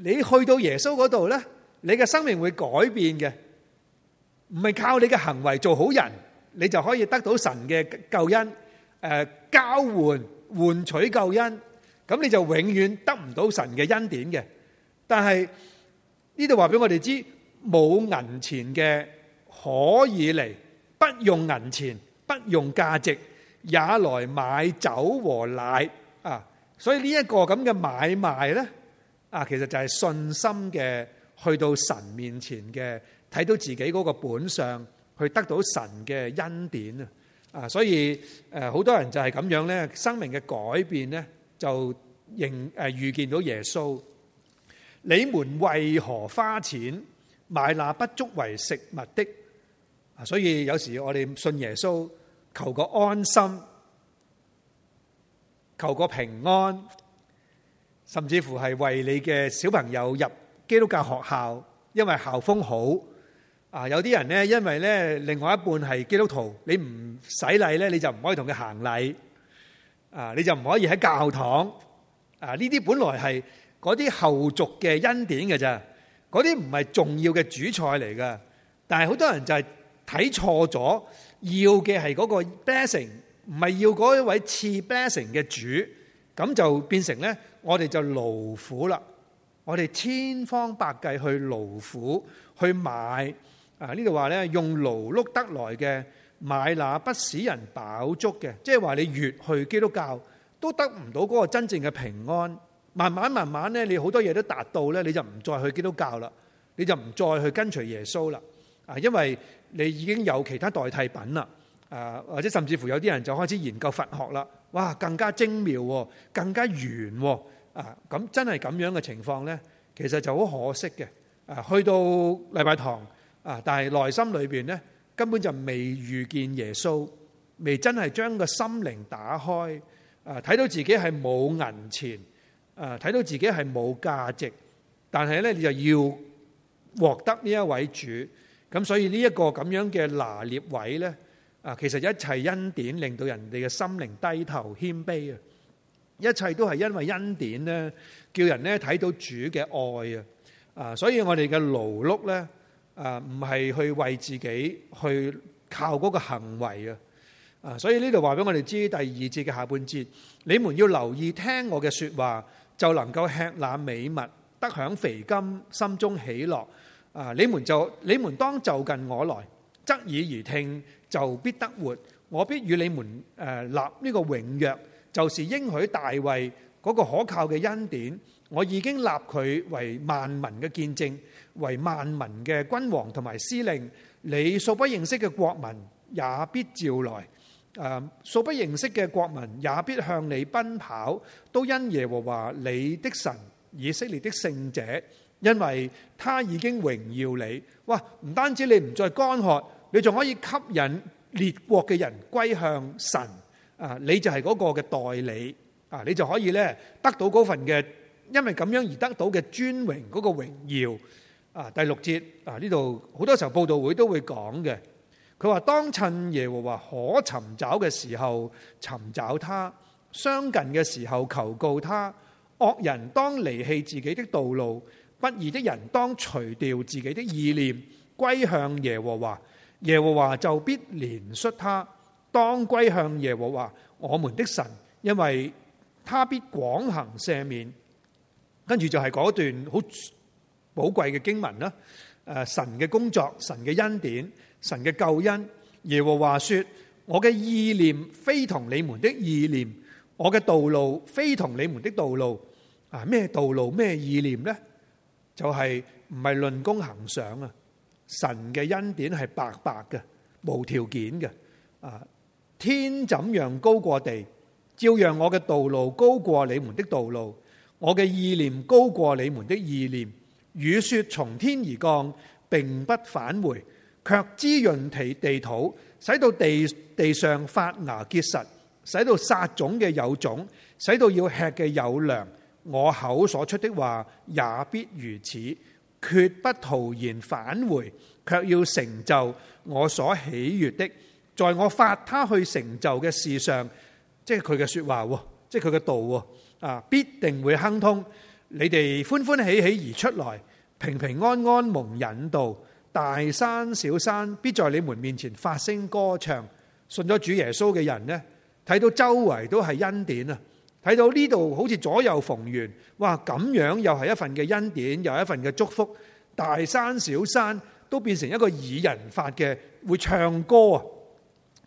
你去到耶穌嗰度呢，你嘅生命會改變嘅，唔係靠你嘅行為做好人，你就可以得到神嘅救恩。誒，交換，換取救恩，咁你就永遠得唔到神嘅恩典嘅。但係呢度話俾我哋知，冇銀錢嘅可以嚟，不用銀錢，不用價值，也來買酒和奶啊！所以呢一個咁嘅買賣呢。啊，其實就係信心嘅去到神面前嘅，睇到自己嗰個本相，去得到神嘅恩典啊！啊，所以誒，好多人就係咁樣咧，生命嘅改變咧，就認誒遇見到耶穌。你們為何花錢買那不足為食物的？啊，所以有時我哋信耶穌，求個安心，求個平安。甚至乎係為你嘅小朋友入基督教學校，因為校風好。啊，有啲人咧，因為咧，另外一半係基督徒，你唔洗禮咧，你就唔可以同佢行禮。啊，你就唔可以喺教堂。啊，呢啲本來係嗰啲後續嘅恩典嘅啫，嗰啲唔係重要嘅主菜嚟噶。但係好多人就係睇錯咗，要嘅係嗰個 blessing，唔係要嗰一位賜 blessing 嘅主。咁就變成呢，我哋就勞苦啦，我哋千方百計去勞苦去買啊！呢度話呢，用勞碌得來嘅買那不使人飽足嘅，即係話你越去基督教都得唔到嗰個真正嘅平安。慢慢慢慢呢，你好多嘢都達到呢，你就唔再去基督教啦，你就唔再去跟隨耶穌啦啊！因為你已經有其他代替品啦，啊或者甚至乎有啲人就開始研究佛學啦。哇，更加精妙喎，更加圓喎，啊，咁真係咁樣嘅情況咧，其實就好可惜嘅，啊，去到禮拜堂，啊，但係內心裏邊咧根本就未遇見耶穌，未真係將個心靈打開，啊，睇到自己係冇銀錢，啊，睇到自己係冇價值，但係咧你就要獲得呢一位主，咁所以呢一個咁樣嘅拿捏位咧。啊！其實一切恩典令到人哋嘅心靈低頭謙卑啊！一切都係因為恩典咧，叫人咧睇到主嘅愛啊！啊！所以我哋嘅勞碌咧啊，唔係去為自己去靠嗰個行為啊！啊！所以呢度話俾我哋知，第二節嘅下半節，你們要留意聽我嘅說話，就能夠吃那美物，得享肥甘，心中喜樂啊！你們就你們當就近我來，側耳而聽。就必得活，我必與你們誒立呢個永約，就是應許大衛嗰個可靠嘅恩典。我已經立佢為萬民嘅見證，為萬民嘅君王同埋司令。你素不認識嘅國民也必召來，誒，素不認識嘅國民也必向你奔跑，都因耶和華你的神以色列的聖者，因為他已經榮耀你。哇！唔單止你唔再乾渴。你仲可以吸引列國嘅人歸向神啊！你就係嗰個嘅代理啊！你就可以咧得到嗰份嘅，因為咁樣而得到嘅尊榮嗰個榮耀啊！第六節啊，呢度好多時候佈道會都會講嘅。佢話當趁耶和華可尋找嘅時候尋找他，相近嘅時候求告他。惡人當離棄自己的道路，不義的人當除掉自己的意念，歸向耶和華。耶和華就必憐恤他，當歸向耶和華我們的神，因為他必廣行赦免。跟住就係嗰段好寶貴嘅經文啦，誒，神嘅工作、神嘅恩典、神嘅救恩。耶和華說：我嘅意念非同你們的意念，我嘅道路非同你們的道路。啊，咩道路？咩意念呢？就係唔係論功行賞啊！神嘅恩典係白白嘅、無條件嘅。啊，天怎樣高過地，照樣我嘅道路高過你們的道路，我嘅意念高過你們的意念。雨雪從天而降，並不返回，卻滋潤其地土，使到地地上發芽結實，使到撒種嘅有種，使到要吃嘅有糧。我口所出的話也必如此。絕不徒然返回，卻要成就我所喜悅的，在我發他去成就嘅事上，即係佢嘅說話，即係佢嘅道啊，必定會亨通。你哋歡歡喜喜而出來，平平安安蒙引導，大山小山必在你們面前發聲歌唱。信咗主耶穌嘅人呢，睇到周圍都係恩典啊！睇到呢度好似左右逢源，哇！咁樣又係一份嘅恩典，又一份嘅祝福。大山小山都變成一個擬人法嘅會唱歌啊！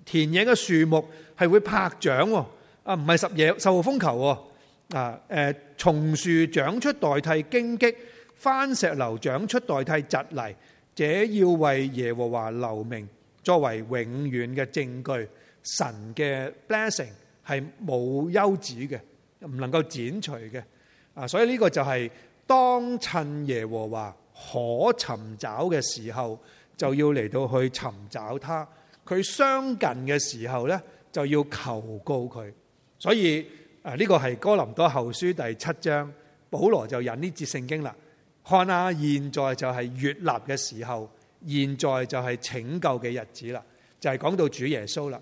田野嘅樹木係會拍掌喎，啊！唔係拾野、十號風球喎，啊！誒松樹長出代替荊棘，番石榴長出代替蒺藜，這要為耶和華留名，作為永遠嘅證據，神嘅 blessing。係冇休止嘅，唔能夠剪除嘅。啊，所以呢個就係當趁耶和華可尋找嘅時候，就要嚟到去尋找他；佢相近嘅時候呢，就要求告佢。所以啊，呢、這個係哥林多後書第七章，保羅就引呢節聖經啦。看下、啊，現在就係悅納嘅時候，現在就係拯救嘅日子啦，就係、是、講到主耶穌啦。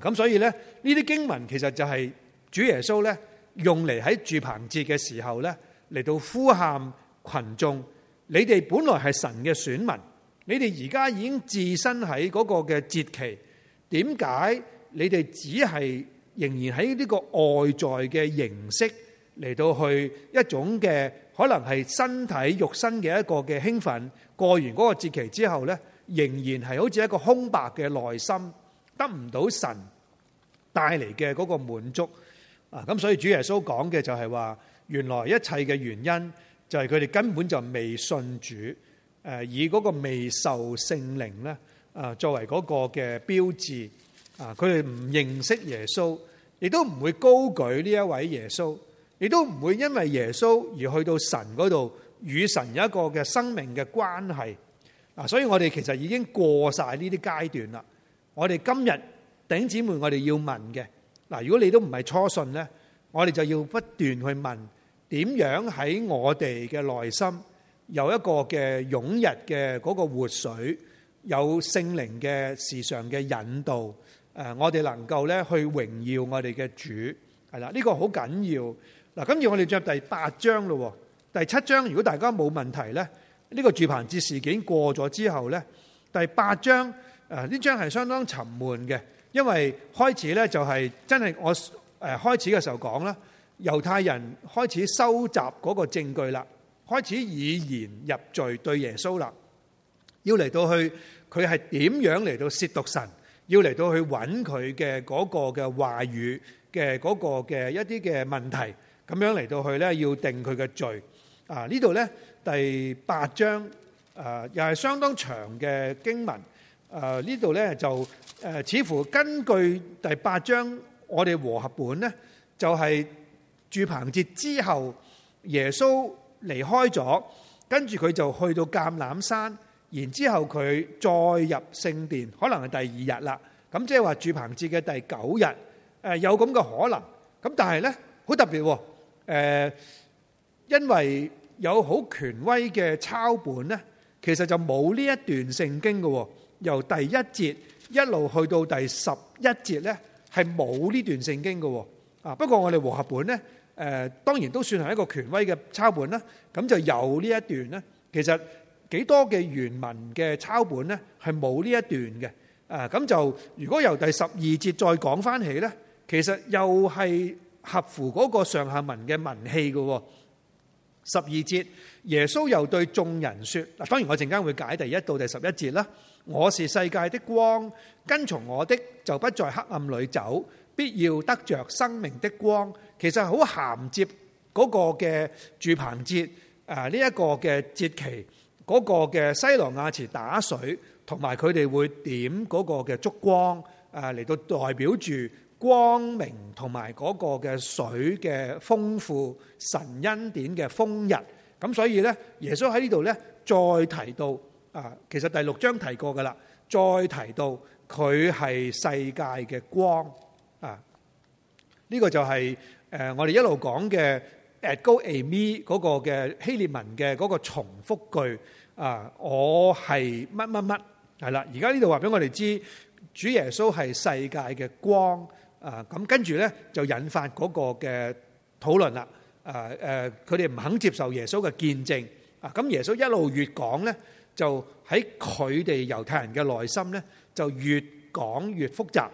咁所以咧，呢啲經文其實就係主耶穌咧用嚟喺住棚節嘅時候咧嚟到呼喊群眾：你哋本來係神嘅選民，你哋而家已經置身喺嗰個嘅節期，點解你哋只係仍然喺呢個外在嘅形式嚟到去一種嘅可能係身體肉身嘅一個嘅興奮？過完嗰個節期之後咧，仍然係好似一個空白嘅內心。得唔到神帶嚟嘅嗰個滿足啊！咁所以主耶穌講嘅就係話，原來一切嘅原因就係佢哋根本就未信主，誒以嗰個未受聖靈咧啊作為嗰個嘅標誌啊！佢哋唔認識耶穌，亦都唔會高舉呢一位耶穌，亦都唔會因為耶穌而去到神嗰度與神有一個嘅生命嘅關係啊！所以我哋其實已經過晒呢啲階段啦。我哋今日頂姊妹，我哋要問嘅嗱，如果你都唔係初信咧，我哋就要不斷去問點樣喺我哋嘅內心有一個嘅湧入嘅嗰個活水，有聖靈嘅時常嘅引導，誒，我哋能夠咧去榮耀我哋嘅主係啦，呢個好緊要嗱。今次我哋進入第八章咯，第七章如果大家冇問題咧，呢個住棚節事件過咗之後咧，第八章。啊！呢章係相當沉悶嘅，因為開始呢、就是，就係真係我開始嘅時候講啦，猶太人開始收集嗰個證據啦，開始以言入罪對耶穌啦，要嚟到去佢係點樣嚟到褻瀆神，要嚟到去揾佢嘅嗰個嘅話語嘅嗰個嘅一啲嘅問題，咁樣嚟到去呢，要定佢嘅罪。啊！呢度呢，第八章啊，又係相當長嘅經文。誒呢度呢，就誒，似乎根據第八章，我哋和合本呢，就係住棚節之後耶穌離，耶穌離開咗，跟住佢就去到橄欖山，然之後佢再入聖殿，可能係第二日啦。咁即係話住棚節嘅第九日誒，有咁嘅可能。咁但係呢，好特別喎，因為有好權威嘅抄本呢，其實就冇呢一段聖經嘅。由第一節一路去到第十一節呢，係冇呢段聖經嘅。啊，不過我哋和合本呢，誒，當然都算係一個權威嘅抄本啦。咁就有呢一段咧。其實幾多嘅原文嘅抄本呢，係冇呢一段嘅。啊，咁就如果由第十二節再講翻起呢，其實又係合乎嗰個上下文嘅文氣嘅。十二節，耶穌又對眾人說：嗱，當然我陣間會解第一到第十一節啦。我是世界的光，跟從我的就不在黑暗裏走，必要得着生命的光。其實好銜接嗰個嘅住棚節，誒呢一個嘅節期，嗰個嘅西羅亞池打水，同埋佢哋會點嗰個嘅燭光，誒嚟到代表住光明同埋嗰個嘅水嘅豐富，神恩典嘅豐日。咁所以呢，耶穌喺呢度呢，再提到。啊，其實第六章提過㗎喇，再提到佢係世界嘅光啊，呢、這個就係、是、誒、呃、我哋一路講嘅 Ego Eimi 嗰個嘅希臘文嘅嗰個重複句啊，我係乜乜乜係啦，而家呢度話俾我哋知，主耶穌係世界嘅光啊，咁跟住咧就引發嗰個嘅討論啦，誒誒佢哋唔肯接受耶穌嘅見證啊，咁耶穌一路越講咧。就喺佢哋猶太人嘅內心呢，就越講越複雜，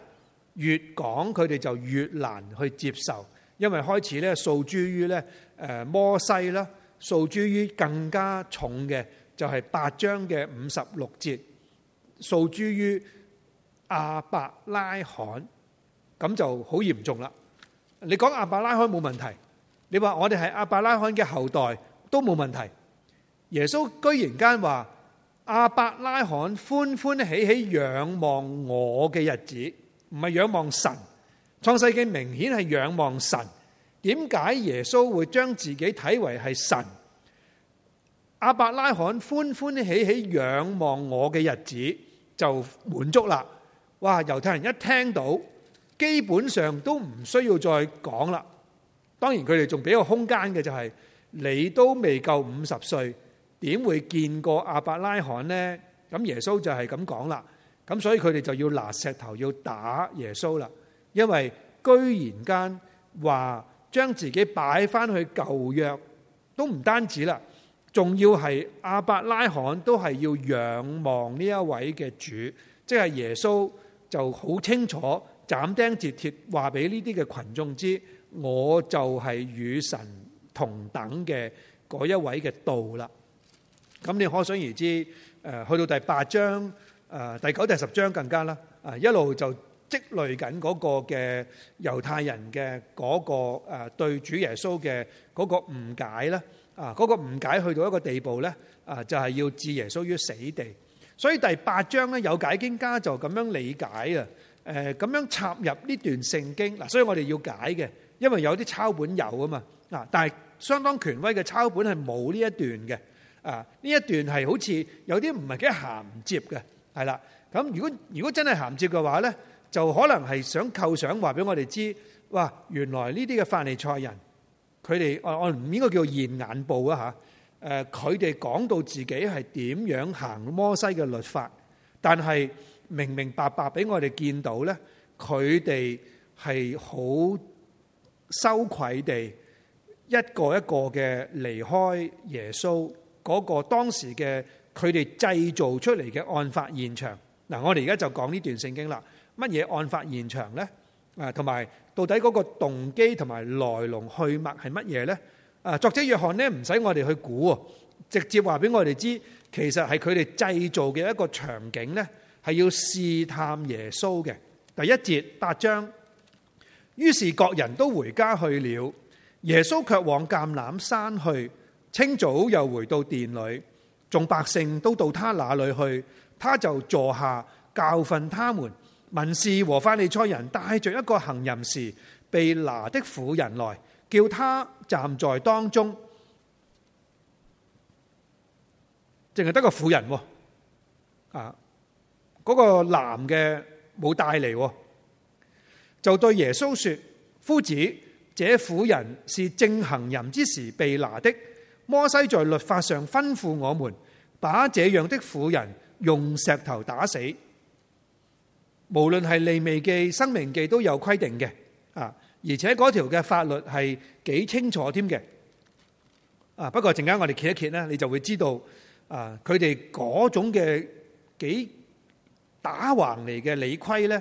越講佢哋就越難去接受。因為開始呢，訴諸於呢誒摩西啦，訴諸於更加重嘅就係八章嘅五十六節，訴諸於亞伯拉罕，咁就好嚴重啦。你講亞伯拉罕冇問題，你話我哋係亞伯拉罕嘅後代都冇問題。耶穌居然間話。阿伯拉罕歡歡喜喜仰望我嘅日子，唔係仰望神。創世紀明顯係仰望神。點解耶穌會將自己睇為係神？阿伯拉罕歡歡喜喜仰望我嘅日子就滿足啦。哇！猶太人一聽到，基本上都唔需要再講啦。當然佢哋仲俾個空間嘅就係、是，你都未夠五十歲。點會見過亞伯拉罕呢？咁耶穌就係咁講啦。咁所以佢哋就要拿石頭要打耶穌啦。因為居然間話將自己擺翻去舊約，都唔單止啦，仲要係亞伯拉罕都係要仰望呢一位嘅主，即係耶穌就好清楚斬釘、斬釘截鐵話俾呢啲嘅群眾知，我就係與神同等嘅嗰一位嘅道啦。咁你可想而知，誒去到第八章、誒第九、第十章更加啦，啊一路就積累緊嗰個嘅猶太人嘅嗰個誒對主耶穌嘅嗰個誤解啦，啊嗰個誤解去到一個地步咧，啊就係要置耶穌於死地。所以第八章咧有解經家就咁樣理解啊，誒咁樣插入呢段聖經嗱，所以我哋要解嘅，因為有啲抄本有啊嘛，嗱，但係相當權威嘅抄本係冇呢一段嘅。啊！呢一段係好似有啲唔係幾銜接嘅，係啦。咁如果如果真係銜接嘅話咧，就可能係想構想話俾我哋知，哇！原來呢啲嘅法利賽人佢哋我我唔應該叫現眼報啊嚇。誒，佢哋講到自己係點樣行摩西嘅律法，但係明明白白俾我哋見到咧，佢哋係好羞愧地一個一個嘅離開耶穌。嗰個當時嘅佢哋製造出嚟嘅案發現場，嗱，我哋而家就講呢段聖經啦。乜嘢案發現場呢？啊，同埋到底嗰個動機同埋來龍去脈係乜嘢呢？啊，作者約翰呢，唔使我哋去估，直接話俾我哋知，其實係佢哋製造嘅一個場景呢，係要試探耶穌嘅。第一節八章，於是各人都回家去了，耶穌卻往橄欖山去。清早又回到殿裏，眾百姓都到他那裏去，他就坐下教訓他們。文士和法利賽人帶着一個行淫時被拿的婦人來，叫他站在當中，淨係得個婦人，啊，嗰個男嘅冇帶嚟，就對耶穌說：夫子，這婦人是正行淫之時被拿的。摩西在律法上吩咐我們，把這樣的婦人用石頭打死。無論係利未記、申命記都有規定嘅，啊！而且嗰條嘅法律係幾清楚添嘅，啊！不過陣間我哋揭一揭咧，你就會知道，啊！佢哋嗰種嘅幾打橫嚟嘅理虧咧，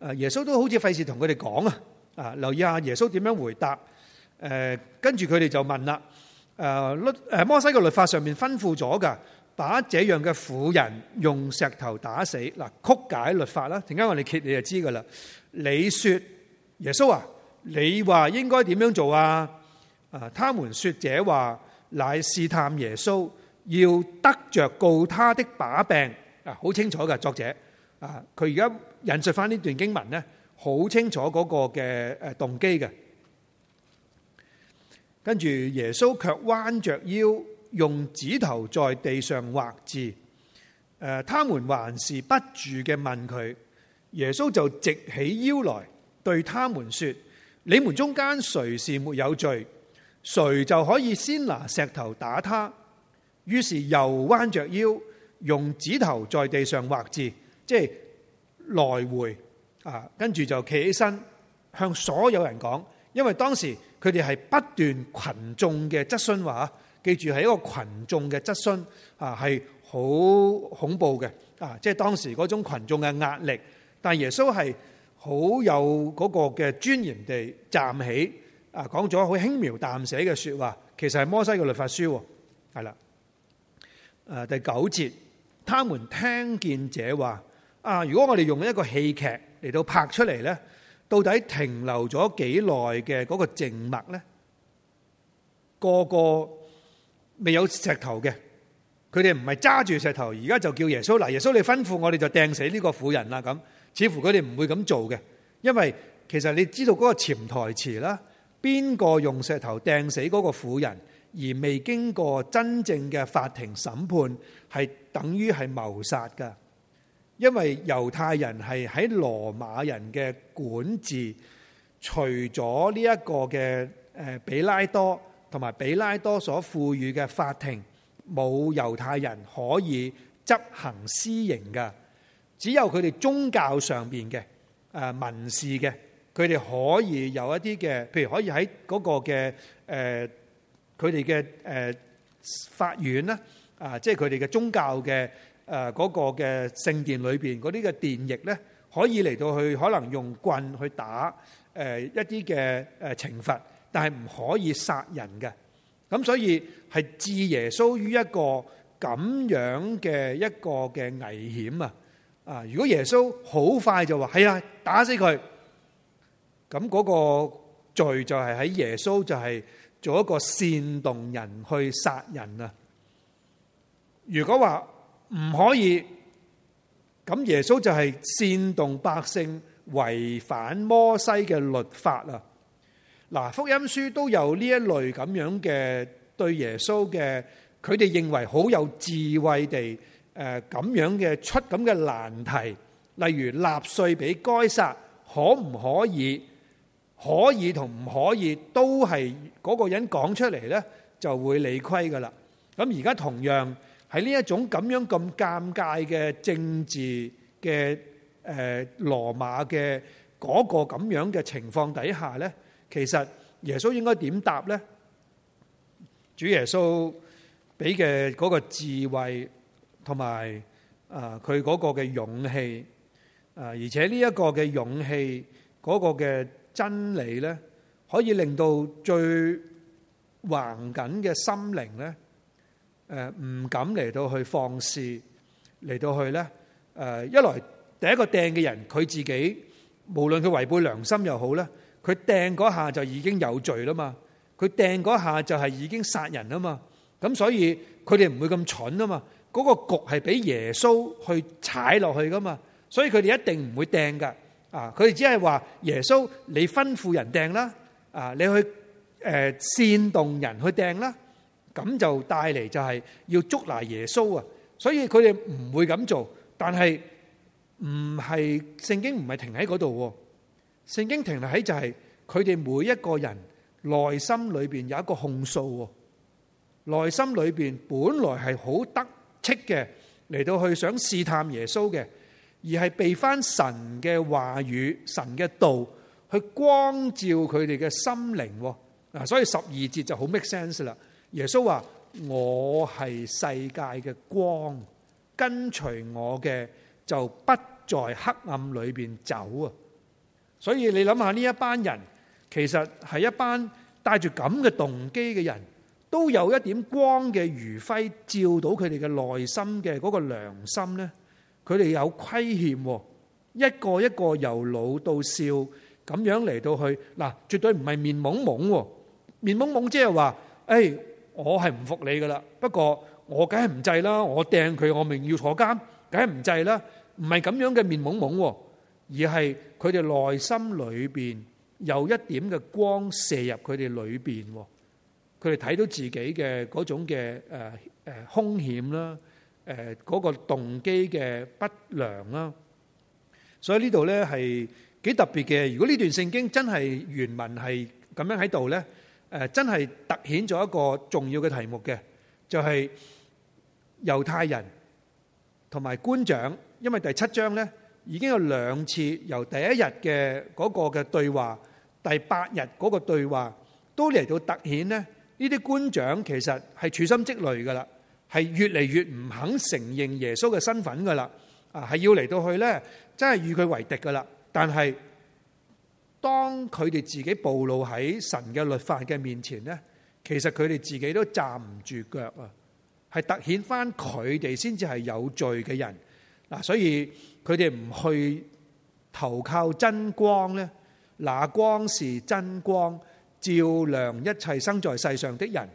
啊！耶穌都好似費事同佢哋講啊，啊！留意下耶穌點樣回答，誒，跟住佢哋就問啦。誒，律，誒，摩西嘅律法上面吩咐咗噶，把這樣嘅婦人用石頭打死。嗱，曲解律法啦！陣間我哋揭你就知噶啦。你説耶穌啊，你話應該點樣做啊？啊，他們説這話乃試探耶穌，要得着告他的把柄。啊，好清楚嘅作者啊，佢而家引述返呢段經文咧，好清楚嗰個嘅誒動機嘅。跟住耶穌卻彎着腰，用指頭在地上畫字。誒，他們還是不住嘅問佢。耶穌就直起腰來對他們說：你們中間誰是沒有罪，誰就可以先拿石頭打他。於是又彎着腰用指頭在地上畫字，即係來回啊。跟住就企起身向所有人講。因為當時佢哋係不斷群眾嘅質詢話，記住係一個群眾嘅質詢啊，係好恐怖嘅啊！即係當時嗰種群眾嘅壓力。但耶穌係好有嗰個嘅尊嚴地站起啊，講咗好輕描淡寫嘅說話，其實係摩西嘅律法書係啦。誒，第九節，他們聽見這話啊，如果我哋用一個戲劇嚟到拍出嚟咧。到底停留咗幾耐嘅嗰個靜默呢？個個未有石頭嘅，佢哋唔係揸住石頭，而家就叫耶穌嗱，耶穌你吩咐我哋就掟死呢個婦人啦咁，似乎佢哋唔會咁做嘅，因為其實你知道嗰個潛台詞啦，邊個用石頭掟死嗰個婦人而未經過真正嘅法庭審判，係等於係謀殺噶。因為猶太人係喺羅馬人嘅管治，除咗呢一個嘅誒比拉多同埋比拉多所賦予嘅法庭，冇猶太人可以執行私刑㗎，只有佢哋宗教上邊嘅誒民事嘅，佢哋可以有一啲嘅，譬如可以喺嗰個嘅誒佢哋嘅誒法院啦，啊、呃，即係佢哋嘅宗教嘅。誒嗰個嘅聖殿裏邊嗰啲嘅電役咧，可以嚟到去可能用棍去打誒一啲嘅誒懲罰，但係唔可以殺人嘅。咁所以係置耶穌於一個咁樣嘅一個嘅危險啊！啊，如果耶穌好快就話係啊，打死佢，咁嗰個罪就係喺耶穌就係做一個煽動人去殺人啊！如果話，唔可以，咁耶穌就係煽動百姓違反摩西嘅律法啦。嗱，福音書都有呢一類咁樣嘅對耶穌嘅，佢哋認為好有智慧地誒咁、呃、樣嘅出咁嘅難題，例如納稅俾該撒可唔可以？可以同唔可以都係嗰個人講出嚟呢，就會理虧噶啦。咁而家同樣。喺呢一種咁樣咁尷尬嘅政治嘅誒羅馬嘅嗰個咁樣嘅情況底下咧，其實耶穌應該點答咧？主耶穌俾嘅嗰個智慧同埋啊佢嗰個嘅勇氣啊，而且呢一個嘅勇氣嗰個嘅真理咧，可以令到最橫緊嘅心靈咧。誒，唔敢嚟到去放肆嚟到去咧，誒，一來第一個掟嘅人佢自己，無論佢違背良心又好咧，佢掟嗰下就已經有罪啦嘛，佢掟嗰下就係已經殺人啦嘛，咁所以佢哋唔會咁蠢啊嘛，嗰、嗰個局係俾耶穌去踩落去噶嘛，所以佢哋一定唔會掟噶，啊，佢哋只係話耶穌，你吩咐人掟啦，啊，你去誒煽動人去掟啦。咁就帶嚟就係要捉拿耶穌啊，所以佢哋唔會咁做，但係唔係聖經唔係停喺嗰度，聖經停喺就係佢哋每一個人內心裏邊有一個控訴，內心裏邊本來係好得戚嘅嚟到去想試探耶穌嘅，而係被翻神嘅話語、神嘅道去光照佢哋嘅心靈，嗱，所以十二節就好 make sense 啦。耶穌話：我係世界嘅光，跟隨我嘅就不在黑暗裏邊走啊！所以你諗下呢一班人，其實係一班帶住咁嘅動機嘅人，都有一點光嘅餘暉照到佢哋嘅內心嘅嗰個良心咧。佢哋有虧欠，一個一個由老到少咁樣嚟到去嗱，絕對唔係面懵懵，面懵懵即係話，誒。我係唔服你噶啦，不過我梗係唔制啦，我掟佢，我明要坐監，梗係唔制啦。唔係咁樣嘅面懵懵，而係佢哋內心裏邊有一點嘅光射入佢哋裏邊，佢哋睇到自己嘅嗰種嘅誒誒凶險啦，誒嗰個動機嘅不良啦。所以呢度咧係幾特別嘅。如果呢段聖經真係原文係咁樣喺度咧。誒真係突顯咗一個重要嘅題目嘅，就係、是、猶太人同埋官長，因為第七章呢已經有兩次由第一日嘅嗰個嘅對話，第八日嗰個對話都嚟到突顯咧，呢啲官長其實係處心積慮噶啦，係越嚟越唔肯承認耶穌嘅身份噶啦，啊係要嚟到去呢，真係與佢為敵噶啦，但係。當佢哋自己暴露喺神嘅律法嘅面前呢，其實佢哋自己都站唔住腳啊！係凸顯翻佢哋先至係有罪嘅人嗱，所以佢哋唔去投靠真光咧，那光是真光，照亮一切生在世上的人。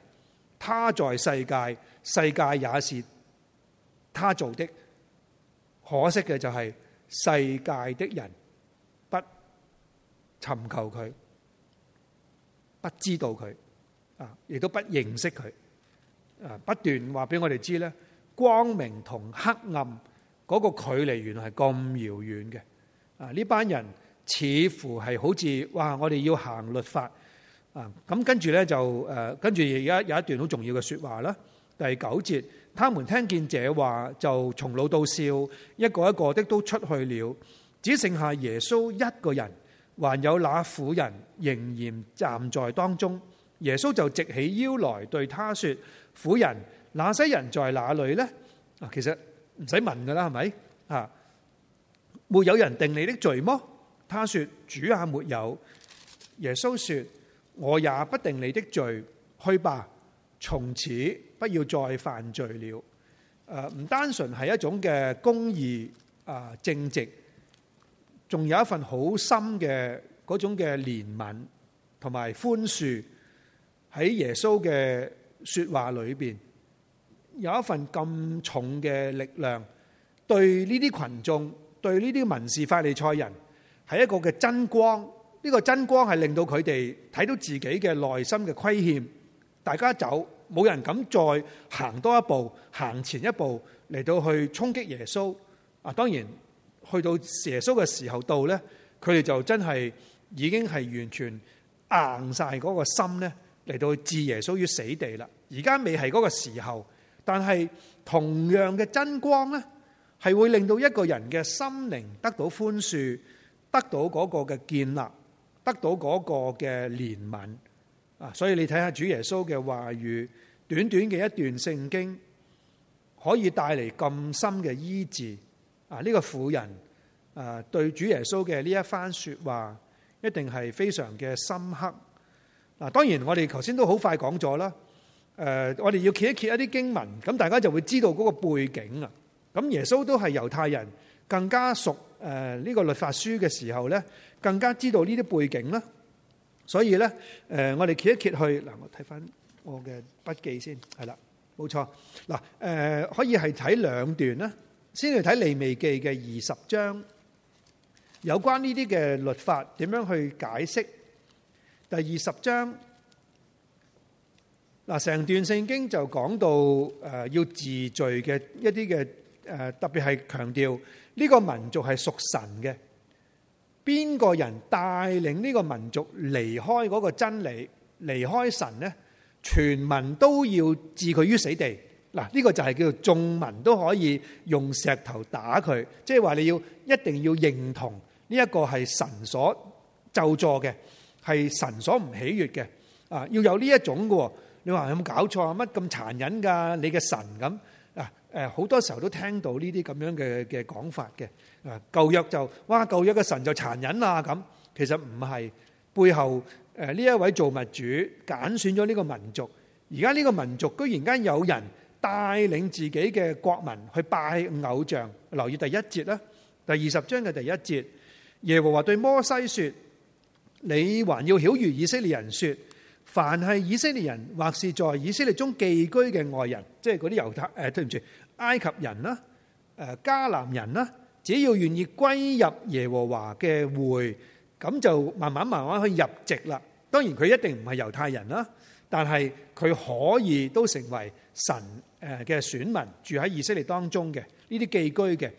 他在世界，世界也是他做的。可惜嘅就係世界的人。尋求佢，不知道佢啊，亦都不認識佢啊，不斷話俾我哋知咧，光明同黑暗嗰個距離原來係咁遙遠嘅啊。呢班人似乎係好似哇，我哋要行律法啊，咁跟住咧就誒，跟住而家有一段好重要嘅說話啦。第九節，他們聽見這話，就從老到少一個一個的都出去了，只剩下耶穌一個人。還有那婦人仍然站在當中，耶穌就直起腰來對他說：婦人，那些人在哪裏呢？啊，其實唔使問噶啦，係咪啊？沒有人定你的罪麼？他說：主也、啊、沒有。耶穌說：我也不定你的罪，去吧，從此不要再犯罪了。誒、呃，唔單純係一種嘅公義啊、呃，正直。仲有一份好深嘅嗰種嘅憐憫同埋寬恕，喺耶穌嘅説話裏邊，有一份咁重嘅力量，對呢啲群眾，對呢啲文士法利賽人，係一個嘅真光。呢個真光係令到佢哋睇到自己嘅內心嘅虧欠，大家走，冇人敢再行多一步，行前一步嚟到去衝擊耶穌。啊，當然。去到耶穌嘅時候到呢，佢哋就真係已經係完全硬晒嗰個心呢，嚟到置耶穌於死地啦。而家未係嗰個時候，但係同樣嘅真光呢，係會令到一個人嘅心靈得到寬恕，得到嗰個嘅建立，得到嗰個嘅憐憫啊！所以你睇下主耶穌嘅話語，短短嘅一段聖經，可以帶嚟咁深嘅醫治。啊！呢個婦人啊，對主耶穌嘅呢一番説話，一定係非常嘅深刻。嗱，當然我哋頭先都好快講咗啦。誒，我哋要揭一揭一啲經文，咁大家就會知道嗰個背景啊。咁耶穌都係猶太人，更加熟誒呢個律法書嘅時候咧，更加知道呢啲背景啦。所以咧，誒我哋揭一揭去嗱，我睇翻我嘅筆記先，係啦，冇錯。嗱，誒可以係睇兩段啦。先嚟睇利未記嘅二十章，有關呢啲嘅律法點樣去解釋？第二十章嗱，成段聖經就講到誒，要治罪嘅一啲嘅誒，特別係強調呢個民族係屬神嘅。邊個人帶領呢個民族離開嗰個真理、離開神呢？全民都要置佢於死地。嗱，呢個就係叫眾民都可以用石頭打佢，即係話你要一定要認同呢一個係神所咒詛嘅，係神所唔喜悅嘅。啊，要有呢一種嘅喎，你話有冇搞錯啊？乜咁殘忍噶？你嘅神咁啊？誒，好多時候都聽到呢啲咁樣嘅嘅講法嘅。啊，舊約就哇，舊約嘅神就殘忍喇咁，其實唔係背後誒呢一位造物主揀選咗呢個民族，而家呢個民族居然間有人。帶領自己嘅國民去拜偶像。留意第一節啦，第二十章嘅第一節，耶和華對摩西說，你還要曉諭以色列人說，凡係以色列人或是在以色列中寄居嘅外人，即係嗰啲猶太，誒、呃，對唔住，埃及人啦，誒、呃，迦南人啦，只要願意歸入耶和華嘅會，咁就慢慢慢慢去入籍啦。當然佢一定唔係猶太人啦，但係佢可以都成為神，誒嘅選民住喺以色列當中嘅呢啲寄居嘅，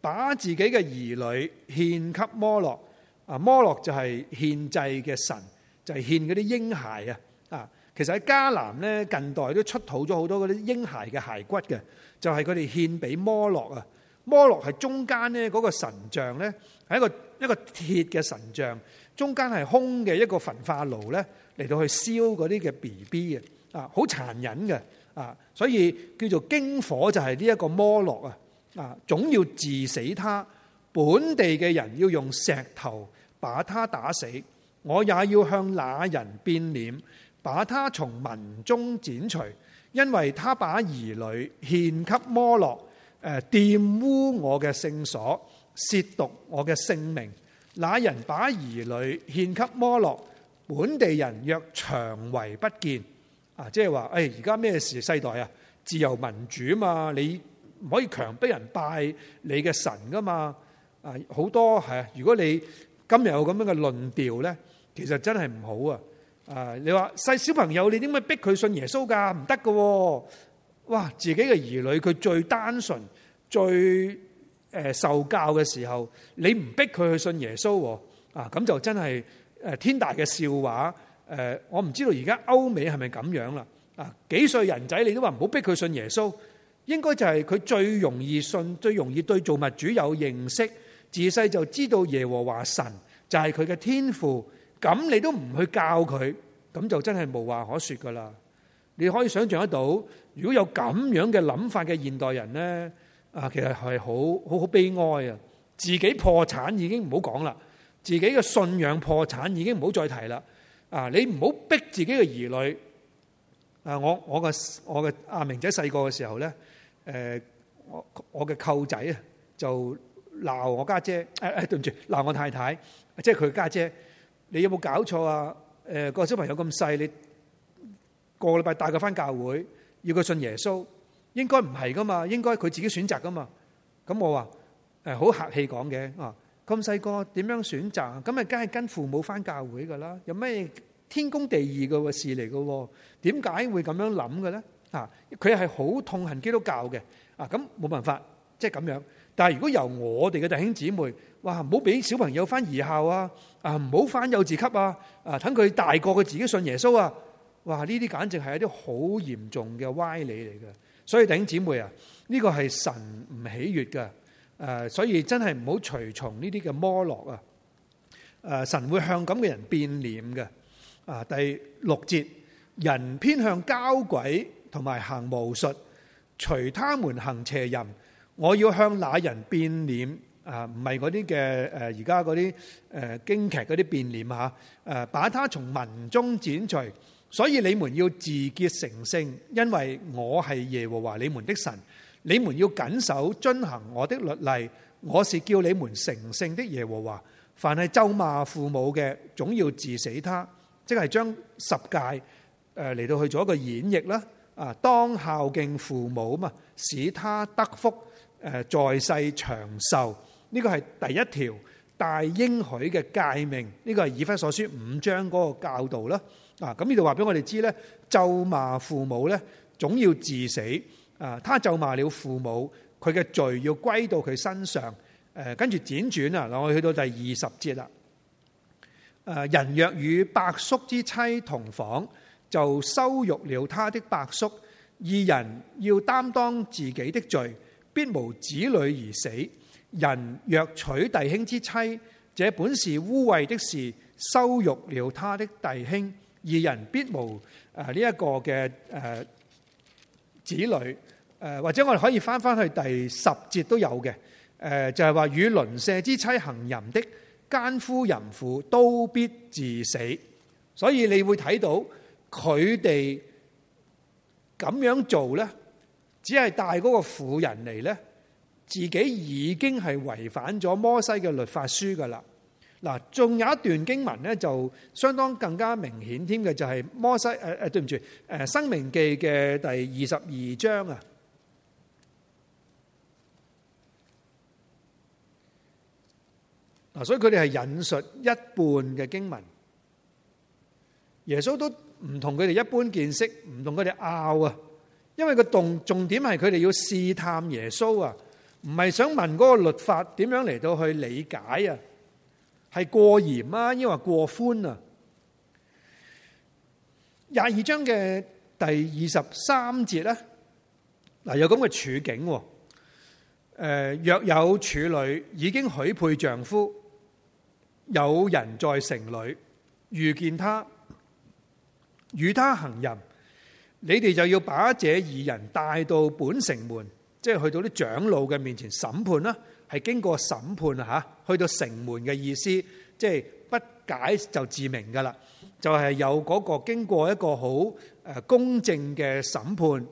把自己嘅兒女獻給摩洛啊！摩洛就係獻祭嘅神，就係、是、獻嗰啲嬰孩啊！啊，其實喺迦南咧，近代都出土咗好多嗰啲嬰孩嘅骸骨嘅，就係佢哋獻俾摩洛啊！摩洛係中間咧嗰、那個神像咧，係一個一個鐵嘅神像，中間係空嘅一個焚化爐咧，嚟到去燒嗰啲嘅 B B 嘅啊，好殘忍嘅。啊，所以叫做經火就係呢一個摩洛啊！啊，總要治死他，本地嘅人要用石頭把他打死。我也要向那人變臉，把他從民中剪除，因為他把兒女獻給摩洛，誒玷污我嘅聖所，褻瀆我嘅聖名。那人把兒女獻給摩洛，本地人若長為不見。啊，即係話，誒，而家咩時世代啊？自由民主啊嘛，你唔可以強迫人拜你嘅神噶嘛。啊，好多係啊，如果你今日有咁樣嘅論調咧，其實真係唔好啊。啊，你話細小朋友，你點解逼佢信耶穌噶？唔得噶。哇，自己嘅兒女，佢最單純、最誒受教嘅時候，你唔逼佢去信耶穌啊，啊，咁就真係誒天大嘅笑話。嗯、我唔知道而家歐美係咪咁樣啦？啊，幾歲人仔你都話唔好逼佢信耶穌，應該就係佢最容易信、最容易對造物主有認識，自細就知道耶和華神就係佢嘅天父。咁你都唔去教佢，咁就真係無話可說噶啦！你可以想象得到，如果有咁樣嘅諗法嘅現代人呢，啊，其實係好好悲哀啊！自己破產已經唔好講啦，自己嘅信仰破產已經唔好再提啦。啊！你唔好逼自己嘅兒女。啊！我的我嘅我嘅阿明仔細個嘅時候咧，誒、呃、我的我嘅舅仔啊就鬧我家姐，誒、哎、誒，對唔住，鬧我太太，即係佢家姐。你有冇搞錯啊？誒、呃、那個小朋友咁細，你個禮拜帶佢返教會，要佢信耶穌，應該唔係㗎嘛？應該佢自己選擇㗎嘛？咁我話誒，好客氣講嘅啊。咁細個點樣選擇？咁咪梗係跟父母翻教會噶啦，有咩天公地義嘅事嚟嘅？點解會咁樣諗嘅咧？啊，佢係好痛恨基督教嘅啊！咁冇辦法，即係咁樣。但係如果由我哋嘅弟兄姊妹，話，唔好俾小朋友翻兒校啊，啊唔好翻幼稚級啊，啊等佢大個佢自己信耶穌啊！哇，呢啲簡直係一啲好嚴重嘅歪理嚟嘅。所以弟兄姊妹啊，呢個係神唔喜悅嘅。誒，所以真係唔好隨從呢啲嘅摩洛啊！誒，神會向咁嘅人變臉嘅。啊，第六節，人偏向交鬼同埋行巫術，隨他們行邪淫，我要向那人變臉啊！唔係嗰啲嘅誒，而家嗰啲誒京劇嗰啲變臉吓，誒，把他從民中剪除。所以你們要自潔成聖，因為我係耶和華你們的神。你們要謹守遵行我的律例，我是叫你們成聖的耶和華。凡係咒罵父母嘅，總要治死他。即係將十誡誒嚟到去做一個演繹啦。啊，當孝敬父母嘛，使他得福誒，在世長壽。呢個係第一條大應許嘅誡命。呢個係以弗所書五章嗰個教導啦。啊，咁呢度話俾我哋知咧，咒罵父母咧，總要治死。啊！他就罵了父母，佢嘅罪要歸到佢身上。誒，跟住輾轉啊，我去到第二十節啦。誒，人若與伯叔之妻同房，就羞辱了他的伯叔，二人要擔當自己的罪，必無子女而死。人若娶弟兄之妻，這本是污穢的事，羞辱了他的弟兄，二人必無誒呢一個嘅誒。子女，誒或者我哋可以翻翻去第十節都有嘅，誒就係話與鄰舍之妻行淫的奸夫淫婦都必致死。所以你會睇到佢哋咁樣做呢，只係帶嗰個婦人嚟呢，自己已經係違反咗摩西嘅律法書噶啦。嗱，仲有一段經文咧，就相當更加明顯添嘅，就係摩西誒誒，對唔住誒，《申命記》嘅第二十二章啊。嗱，所以佢哋係引述一半嘅經文，耶穌都唔同佢哋一般見識，唔同佢哋拗啊，因為個重重點係佢哋要試探耶穌啊，唔係想問嗰個律法點樣嚟到去理解啊。係過嚴啊，抑或過寬啊？廿二章嘅第二十三節咧，嗱，有咁嘅處境，誒，若有處女已經許配丈夫，有人在城裏遇見他，與他行淫，你哋就要把這二人帶到本城門，即係去到啲長老嘅面前審判啦，啊。係經過審判嚇，去到城門嘅意思，即係不解就自明噶啦，就係、是、有嗰個經過一個好誒公正嘅審判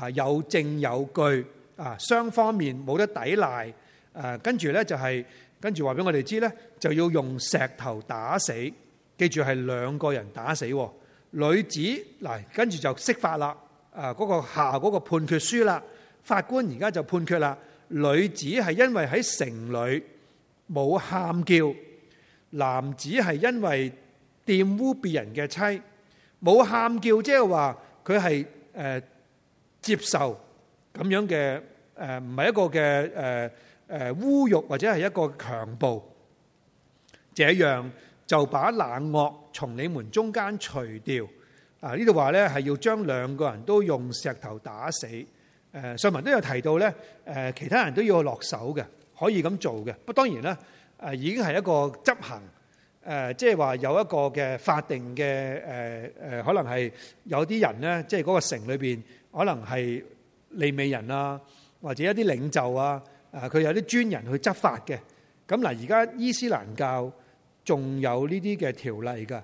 啊，有證有據啊，雙方面冇得抵賴啊，跟住咧就係、是、跟住話俾我哋知咧，就要用石頭打死，記住係兩個人打死，女子嗱跟住就釋法啦，啊、那、嗰個下嗰個判決書啦，法官而家就判決啦。女子係因為喺城裏冇喊叫，男子係因為玷污別人嘅妻冇喊叫，即係話佢係誒接受咁樣嘅誒唔係一個嘅誒誒侮辱或者係一個強暴，這樣就把冷惡從你們中間除掉。啊，呢度話咧係要將兩個人都用石頭打死。誒，上文都有提到咧，誒，其他人都要落手嘅，可以咁做嘅。不過當然啦，誒，已經係一個執行，誒、呃，即係話有一個嘅法定嘅誒誒，可能係有啲人咧，即係嗰個城裏邊，可能係利未人啊，或者一啲領袖啊，誒、呃，佢有啲專人去執法嘅。咁、呃、嗱，而家伊斯蘭教仲有呢啲嘅條例㗎，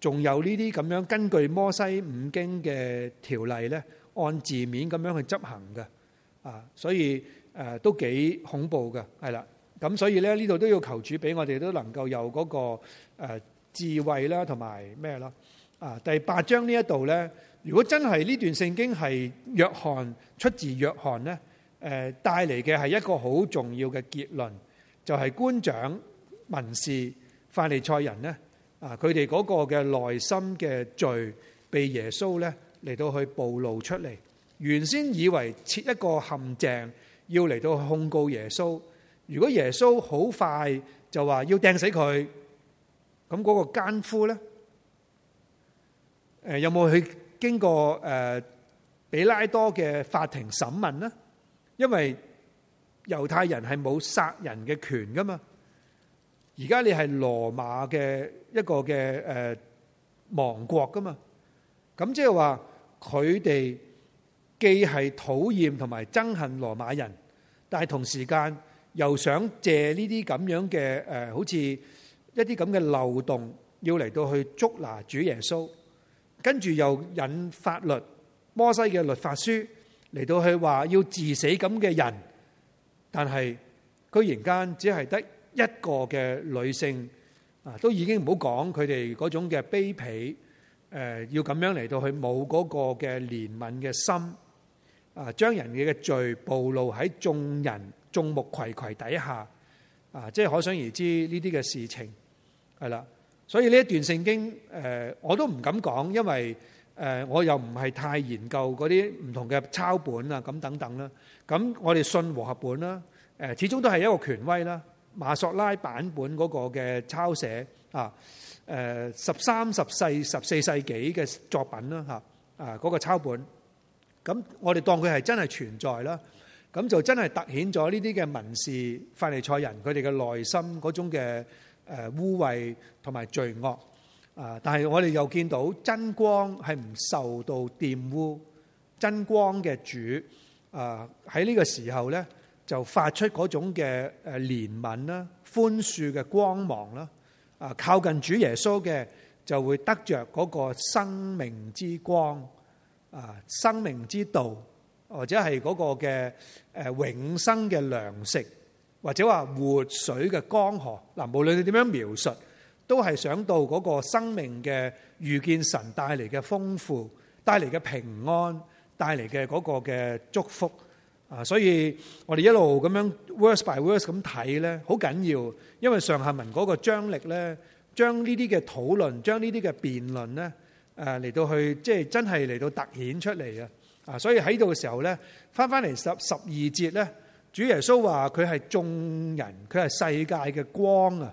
仲有呢啲咁樣根據摩西五經嘅條例咧。按字面咁樣去執行嘅，啊，所以都幾恐怖嘅，係啦。咁所以咧呢度都要求主俾我哋都能夠有嗰個智慧啦，同埋咩囉。啊，第八章呢一度咧，如果真係呢段聖經係約翰出自約翰呢，帶嚟嘅係一個好重要嘅結論，就係官長、文士、法利賽人呢，啊，佢哋嗰個嘅內心嘅罪被耶穌咧。嚟到去暴露出嚟，原先以為設一個陷阱，要嚟到控告耶穌。如果耶穌好快就話要掟死佢，咁嗰個奸夫咧，誒、嗯、有冇去經過誒、呃、比拉多嘅法庭審問咧？因為猶太人係冇殺人嘅權噶嘛。而家你係羅馬嘅一個嘅誒亡國噶嘛，咁即係話。佢哋既係討厭同埋憎恨羅馬人，但係同時間又想借呢啲咁樣嘅誒、呃，好似一啲咁嘅漏洞，要嚟到去捉拿主耶穌，跟住又引法律摩西嘅律法書嚟到去話要致死咁嘅人，但係居然間只係得一個嘅女性啊，都已經唔好講佢哋嗰種嘅卑鄙。誒要咁樣嚟到去冇嗰個嘅憐憫嘅心啊，將人嘅嘅罪暴露喺眾人眾目睽睽底下啊，即係可想而知呢啲嘅事情係啦。所以呢一段聖經誒，我都唔敢講，因為誒我又唔係太研究嗰啲唔同嘅抄本啊，咁等等啦。咁我哋信和合本啦，誒始終都係一個權威啦。馬索拉版本嗰個嘅抄寫啊。誒十三、十四、十四世紀嘅作品啦，嚇啊嗰個抄本，咁我哋當佢係真係存在啦，咁就真係突顯咗呢啲嘅文士法利賽人佢哋嘅內心嗰種嘅污穢同埋罪惡啊！但係我哋又見到真光係唔受到玷污，真光嘅主啊喺呢個時候咧就發出嗰種嘅誒憐憫啦、寬恕嘅光芒啦。啊！靠近主耶穌嘅就會得着嗰個生命之光，啊，生命之道，或者係嗰個嘅誒永生嘅糧食，或者話活水嘅江河。嗱，無論你點樣描述，都係想到嗰個生命嘅遇見神帶嚟嘅豐富，帶嚟嘅平安，帶嚟嘅嗰個嘅祝福。啊，所以我哋一路咁樣 verse by verse 咁睇咧，好緊要，因為上下文嗰個張力咧，將呢啲嘅討論，將呢啲嘅辯論咧，誒嚟到去即係、就是、真係嚟到突顯出嚟啊！啊，所以喺度嘅時候咧，翻翻嚟十十二節咧，主耶穌話佢係眾人，佢係世界嘅光啊，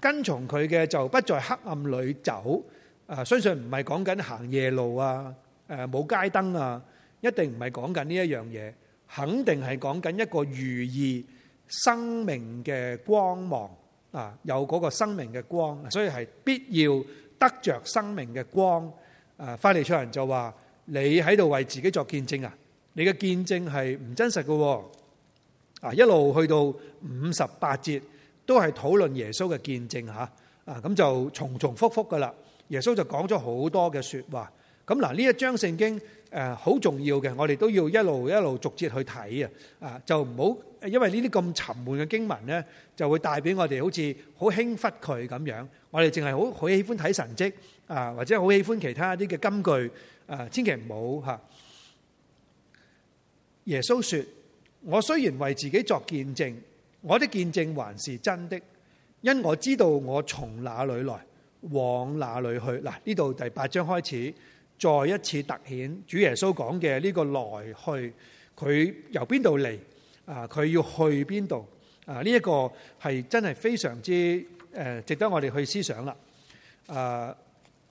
跟從佢嘅就不在黑暗裏走。啊，相信唔係講緊行夜路啊，誒冇街燈啊，一定唔係講緊呢一樣嘢。肯定係講緊一個寓意生命嘅光芒啊，有嗰個生命嘅光，所以係必要得着生命嘅光。啊，翻嚟出來人就話你喺度為自己作見證啊，你嘅見證係唔真實噶。啊，一路去到五十八節都係討論耶穌嘅見證吓，啊咁就重重複複噶啦，耶穌就講咗好多嘅說話。咁嗱呢一章聖經。誒，好重要嘅，我哋都要一路一路逐節去睇啊！啊，就唔好，因為呢啲咁沉悶嘅經文呢，就會帶俾我哋好似好輕忽佢咁樣。我哋淨係好好喜歡睇神跡啊，或者好喜歡其他啲嘅金句啊，千祈唔好吓。耶穌說我雖然為自己作見證，我的見證還是真的，因我知道我從哪裏來，往哪裏去。嗱，呢度第八章開始。再一次特顯主耶穌講嘅呢個來去，佢由邊度嚟啊？佢要去邊度啊？呢一個係真係非常之誒值得我哋去思想啦！啊，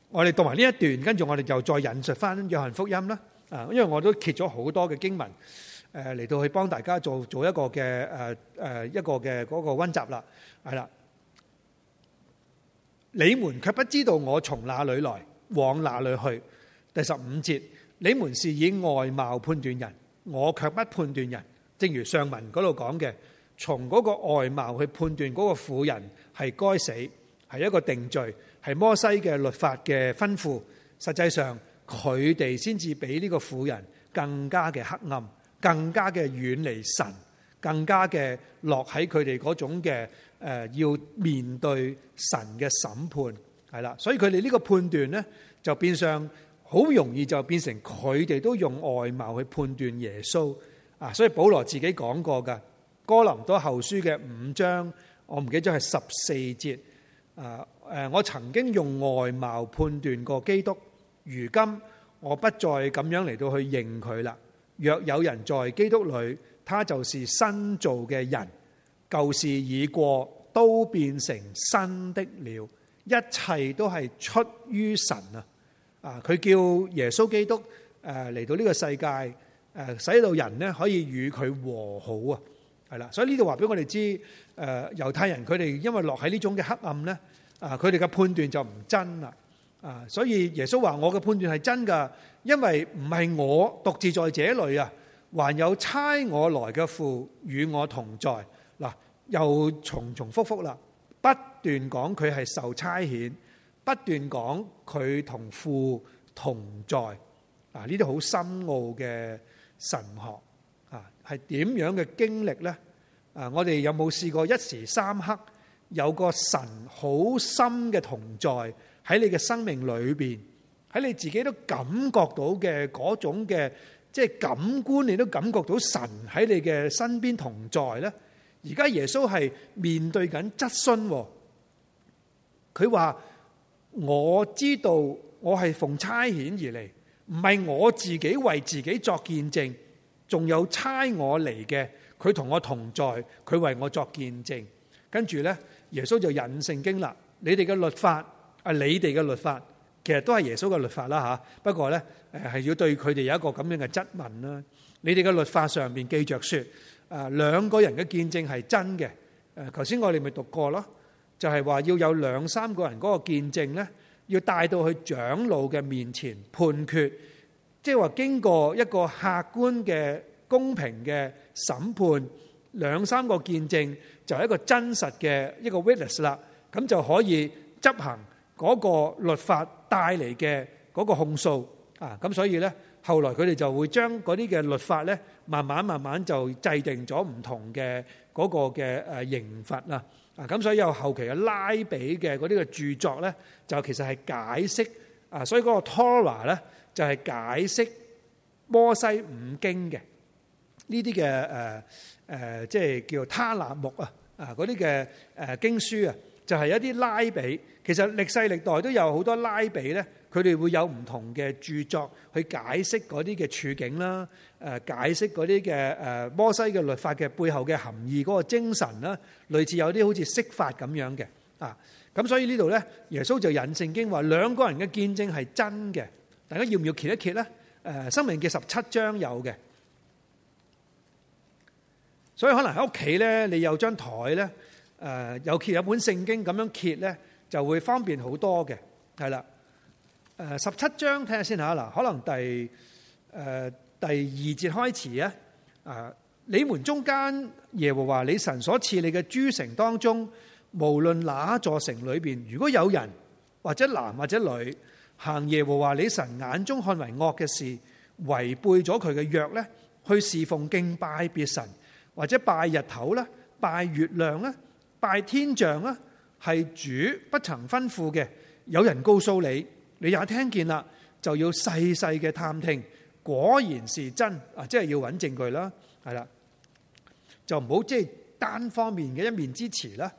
我哋讀埋呢一段，跟住我哋又再引述翻約翰福音啦！啊，因為我都揭咗好多嘅經文誒嚟到去幫大家做做一個嘅誒誒一個嘅嗰個溫習啦，係啦。你們卻不知道我從哪裏來，往哪裏去。第十五節，你們是以外貌判斷人，我卻不判斷人。正如上文嗰度講嘅，從嗰個外貌去判斷嗰個婦人係該死，係一個定罪，係摩西嘅律法嘅吩咐。實際上，佢哋先至比呢個婦人更加嘅黑暗，更加嘅遠離神，更加嘅落喺佢哋嗰種嘅誒、呃，要面對神嘅審判係啦。所以佢哋呢個判斷呢，就變相。好容易就變成佢哋都用外貌去判斷耶穌啊！所以保羅自己講過噶，哥林多後書嘅五章，我唔記得咗係十四節啊！誒，我曾經用外貌判斷過基督，如今我不再咁樣嚟到去認佢啦。若有人在基督裏，他就是新造嘅人，舊事已過，都變成新的了。一切都係出於神啊！啊！佢叫耶穌基督誒嚟到呢個世界誒，使到人咧可以與佢和好啊！係啦，所以呢度話俾我哋知誒，猶太人佢哋因為落喺呢種嘅黑暗咧，啊佢哋嘅判斷就唔真啦！啊，所以耶穌話：我嘅判斷係真㗎，因為唔係我獨自在這裏啊，還有差我來嘅父與我同在。嗱，又重重複複啦，不斷講佢係受差遣。不斷講佢同父同在，啊呢啲好深奧嘅神學啊，係點樣嘅經歷咧？啊，我哋有冇試過一時三刻有個神好深嘅同在喺你嘅生命裏邊，喺你自己都感覺到嘅嗰種嘅即係感官，你都感覺到神喺你嘅身邊同在咧？而家耶穌係面對緊質詢，佢話。我知道我係奉差遣而嚟，唔係我自己為自己作見證，仲有差我嚟嘅，佢同我同在，佢為我作見證。跟住呢，耶穌就引聖經啦。你哋嘅律法，你哋嘅律法，其實都係耶穌嘅律法啦嚇。不過呢，誒係要對佢哋有一個咁樣嘅質問啦。你哋嘅律法上面記着説，誒兩個人嘅見證係真嘅。誒頭先我哋咪讀過咯。就係話要有兩三個人嗰個見證咧，要帶到去長老嘅面前判決，即係話經過一個客觀嘅公平嘅審判，兩三個見證就係一個真實嘅一個 witness 啦，咁就可以執行嗰個律法帶嚟嘅嗰個控訴啊，咁所以咧後來佢哋就會將嗰啲嘅律法咧，慢慢慢慢就制定咗唔同嘅嗰個嘅誒刑罰啦。啊，咁所以有後期嘅拉比嘅嗰啲嘅著作咧，就其實係解釋啊，所以嗰個《妥拉》咧就係解釋摩西五經嘅呢啲嘅誒誒，即係叫做他納木啊啊，嗰啲嘅誒經書啊。就係、是、一啲拉比，其實歷世歷代都有好多拉比咧，佢哋會有唔同嘅著作去解釋嗰啲嘅處境啦，誒解釋嗰啲嘅誒摩西嘅律法嘅背後嘅含義嗰、那個精神啦，類似有啲好似釋法咁樣嘅啊。咁所以呢度咧，耶穌就引聖經話兩個人嘅見證係真嘅。大家要唔要揭一揭咧、啊？申命記十七章有嘅。所以可能喺屋企咧，你有張台咧。誒，尤其有本聖經咁樣揭咧，就會方便好多嘅，係啦。誒，十七章睇下先嚇嗱，可能第誒、呃、第二節開始啊。啊，你們中間耶和華你神所賜你嘅諸城當中，無論哪座城裏邊，如果有人或者男或者女行耶和華你神眼中看為惡嘅事，違背咗佢嘅約咧，去侍奉敬拜別神或者拜日頭咧，拜月亮咧。拜天象啊，係主不曾吩咐嘅。有人告訴你，你也聽見啦，就要細細嘅探聽，果然是真啊，即係要揾證據啦，係啦，就唔好即係單方面嘅一面之詞啦，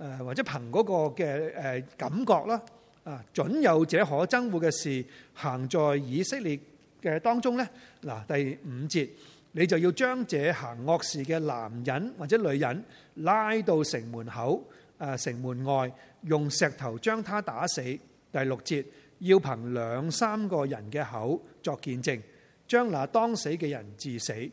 誒或者憑嗰個嘅誒感覺啦，啊，準有這可憎惡嘅事行在以色列嘅當中咧。嗱，第五節，你就要將這行惡事嘅男人或者女人。拉到城門口，誒城門外用石頭將他打死。第六節要憑兩三個人嘅口作見證，將那當死嘅人致死。誒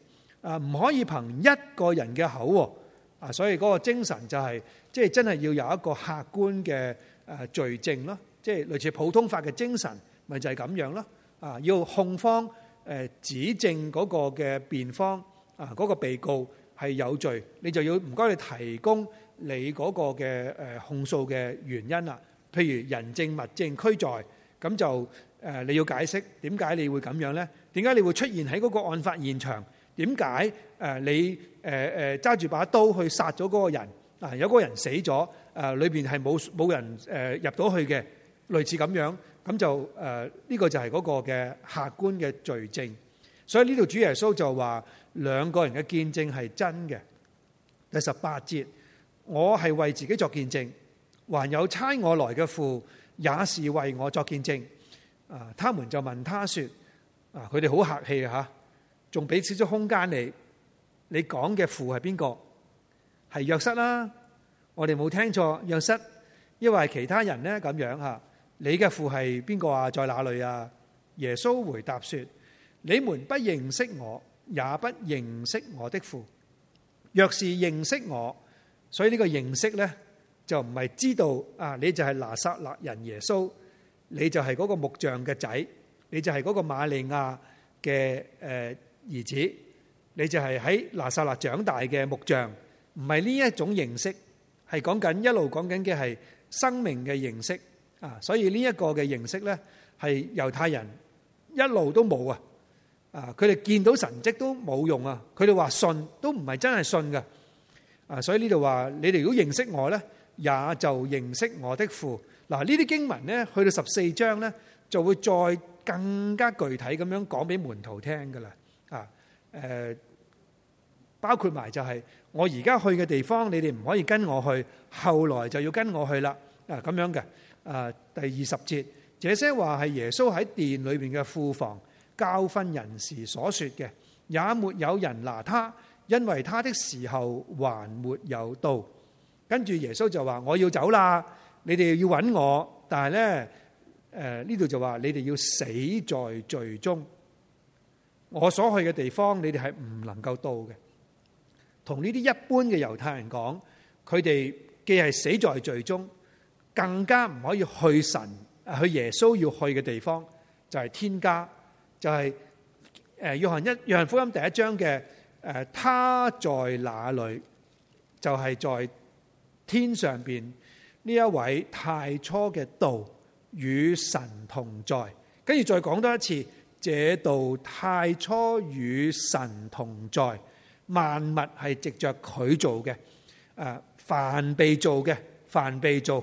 唔可以憑一個人嘅口喎。啊，所以嗰個精神就係即係真係要有一個客觀嘅誒罪證咯，即係類似普通法嘅精神，咪就係咁樣咯。啊，要控方誒指證嗰個嘅辯方啊，嗰個被告。係有罪，你就要唔該你提供你嗰個嘅誒控訴嘅原因啦。譬如人證物證俱在，咁就誒你要解釋點解你會咁樣咧？點解你會出現喺嗰個案發現場？點解誒你誒誒揸住把刀去殺咗嗰個人？啊，有個人死咗，誒裏邊係冇冇人誒入到去嘅，類似咁樣，咁就誒呢個就係嗰個嘅客觀嘅罪證。所以呢度主耶穌就話。兩個人嘅見證係真嘅。第十八節，我係為自己作見證，還有差我來嘅父也是為我作見證。啊，他們就問他說：啊，佢哋好客氣吓，仲俾少少空間你。你講嘅父係邊個？係約瑟啦，我哋冇聽錯約瑟，因為其他人呢？咁樣吓，你嘅父係邊個啊？在哪裏啊？耶穌回答說：你們不認識我。也不認識我的父，若是認識我，所以呢個認識咧就唔係知道啊，你就係拿撒勒人耶穌，你就係嗰個木匠嘅仔，你就係嗰個瑪利亞嘅誒兒子，你就係喺拿撒勒長大嘅木匠，唔係呢一種認識，係講緊一路講緊嘅係生命嘅認識啊，所以呢一個嘅認識咧係猶太人一路都冇啊。啊！佢哋見到神跡都冇用啊！佢哋話信都唔係真係信嘅啊！所以呢度話：你哋如果認識我呢，也就認識我的父。嗱，呢啲經文呢，去到十四章呢，就會再更加具體咁樣講俾門徒聽㗎啦。啊，誒，包括埋就係我而家去嘅地方，你哋唔可以跟我去，後來就要跟我去啦。啊，咁樣嘅啊，第二十節，這些話係耶穌喺殿裏邊嘅庫房。教訓人士所說嘅，也沒有人拿他，因為他的時候還沒有到。跟住耶穌就話：我要走啦，你哋要揾我，但係咧，誒呢度就話你哋要死在罪中。我所去嘅地方，你哋係唔能夠到嘅。同呢啲一般嘅猶太人講，佢哋既係死在罪中，更加唔可以去神、去耶穌要去嘅地方，就係天家。就係誒約翰一，約翰福音第一章嘅。誒，他在哪裡？就係在天上邊呢一位太初嘅道與神同在，跟住再講多一次，這道太初與神同在，萬物係藉著佢做嘅。誒，凡被造嘅，凡被造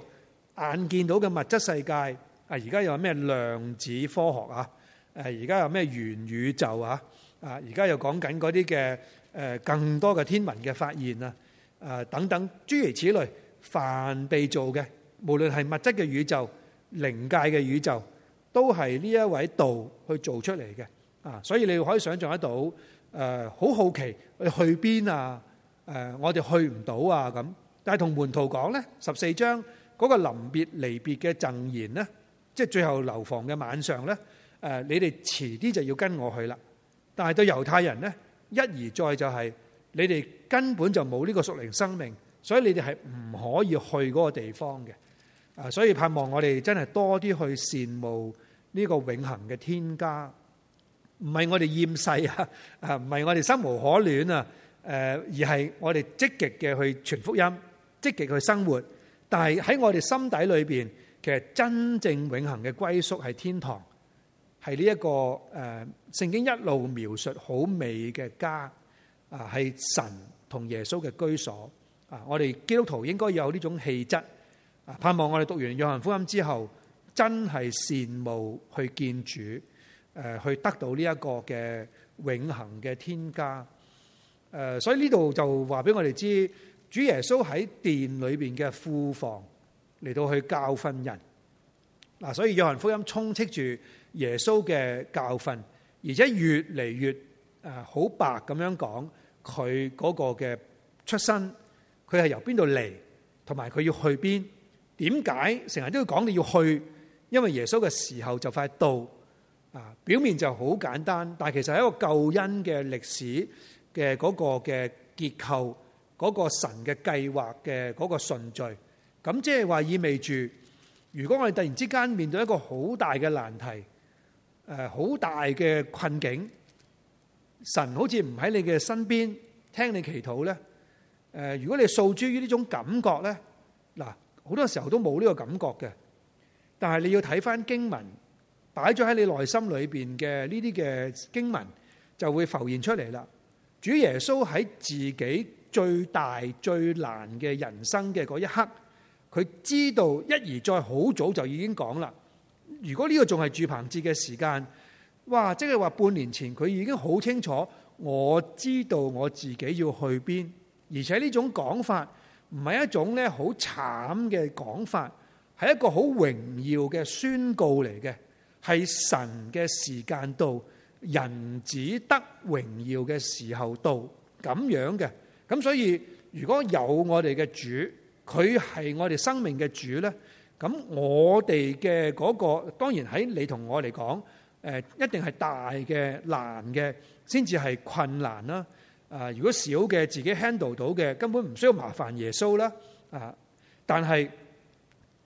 眼見到嘅物質世界，啊，而家又有咩量子科學啊？誒而家有咩元宇宙啊？啊，而家又講緊嗰啲嘅誒更多嘅天文嘅發現啊！啊，等等，諸如此類，凡被造嘅，無論係物質嘅宇宙、靈界嘅宇宙，都係呢一位道去做出嚟嘅啊！所以你可以想像得到誒、呃，好好奇去去邊啊？誒、呃，我哋去唔到啊！咁但係同門徒講呢十四章嗰個臨別離別嘅贈言呢，即係最後樓房嘅晚上呢。誒，你哋遲啲就要跟我去啦。但係對猶太人呢，一而再就係、是、你哋根本就冇呢個屬靈生命，所以你哋係唔可以去嗰個地方嘅。所以盼望我哋真係多啲去羨慕呢個永恆嘅天家，唔係我哋厭世啊，啊唔係我哋生無可戀啊。誒，而係我哋積極嘅去傳福音，積極去生活，但係喺我哋心底裏邊，其實真正永恆嘅歸宿係天堂。係呢一個誒，聖經一路描述好美嘅家啊，係神同耶穌嘅居所啊。我哋基督徒應該有呢種氣質啊。盼望我哋讀完約翰福音之後，真係羨慕去見主誒，去得到呢一個嘅永恆嘅天家誒。所以呢度就話俾我哋知，主耶穌喺殿裏邊嘅庫房嚟,到去教訓人嗱。所以約翰福音充斥住。耶穌嘅教訓，而且越嚟越誒好白咁樣講佢嗰個嘅出身，佢係由邊度嚟，同埋佢要去邊？點解成日都要講你要去？因為耶穌嘅時候就快到啊！表面就好簡單，但係其實係一個救恩嘅歷史嘅嗰個嘅結構，嗰個神嘅計劃嘅嗰個順序，咁即係話意味住，如果我哋突然之間面對一個好大嘅難題。誒，好大嘅困境，神好似唔喺你嘅身邊，聽你祈禱咧。誒，如果你訴諸於呢種感覺咧，嗱，好多時候都冇呢個感覺嘅。但係你要睇翻經文，擺咗喺你內心裏邊嘅呢啲嘅經文，就會浮現出嚟啦。主耶穌喺自己最大最難嘅人生嘅嗰一刻，佢知道一而再，好早就已經講啦。如果呢個仲係住棚節嘅時間，哇！即係話半年前佢已經好清楚，我知道我自己要去邊，而且呢種講法唔係一種咧好慘嘅講法，係一個好榮耀嘅宣告嚟嘅，係神嘅時間到，人只得榮耀嘅時候到咁樣嘅。咁所以，如果有我哋嘅主，佢係我哋生命嘅主呢。咁我哋嘅嗰個當然喺你同我嚟講，誒一定係大嘅難嘅先至係困難啦。啊，如果小嘅自己 handle 到嘅，根本唔需要麻煩耶穌啦。啊，但係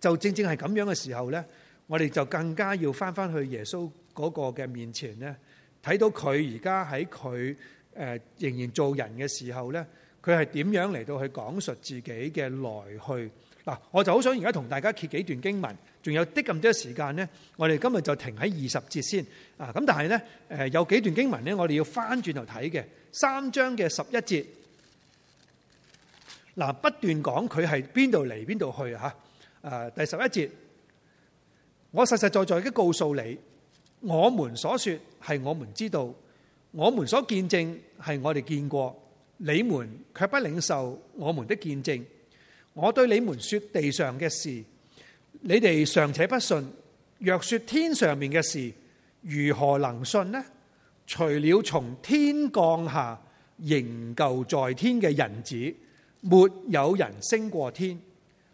就正正係咁樣嘅時候咧，我哋就更加要返返去耶穌嗰個嘅面前咧，睇到佢而家喺佢誒仍然做人嘅時候咧，佢係點樣嚟到去講述自己嘅來去。嗱，我就好想而家同大家揭幾段經文，仲有啲咁多時間呢，我哋今日就停喺二十節先啊！咁但係呢，誒有幾段經文呢，我哋要翻轉頭睇嘅三章嘅十一節，嗱，不斷講佢係邊度嚟邊度去嚇，誒第十一節，我實實在在嘅告訴你，我們所說係我們知道，我們所見證係我哋見過，你們卻不領受我們的見證。我對你們說地上嘅事，你哋尚且不信；若說天上面嘅事，如何能信呢？除了從天降下仍舊在天嘅人子，沒有人升過天。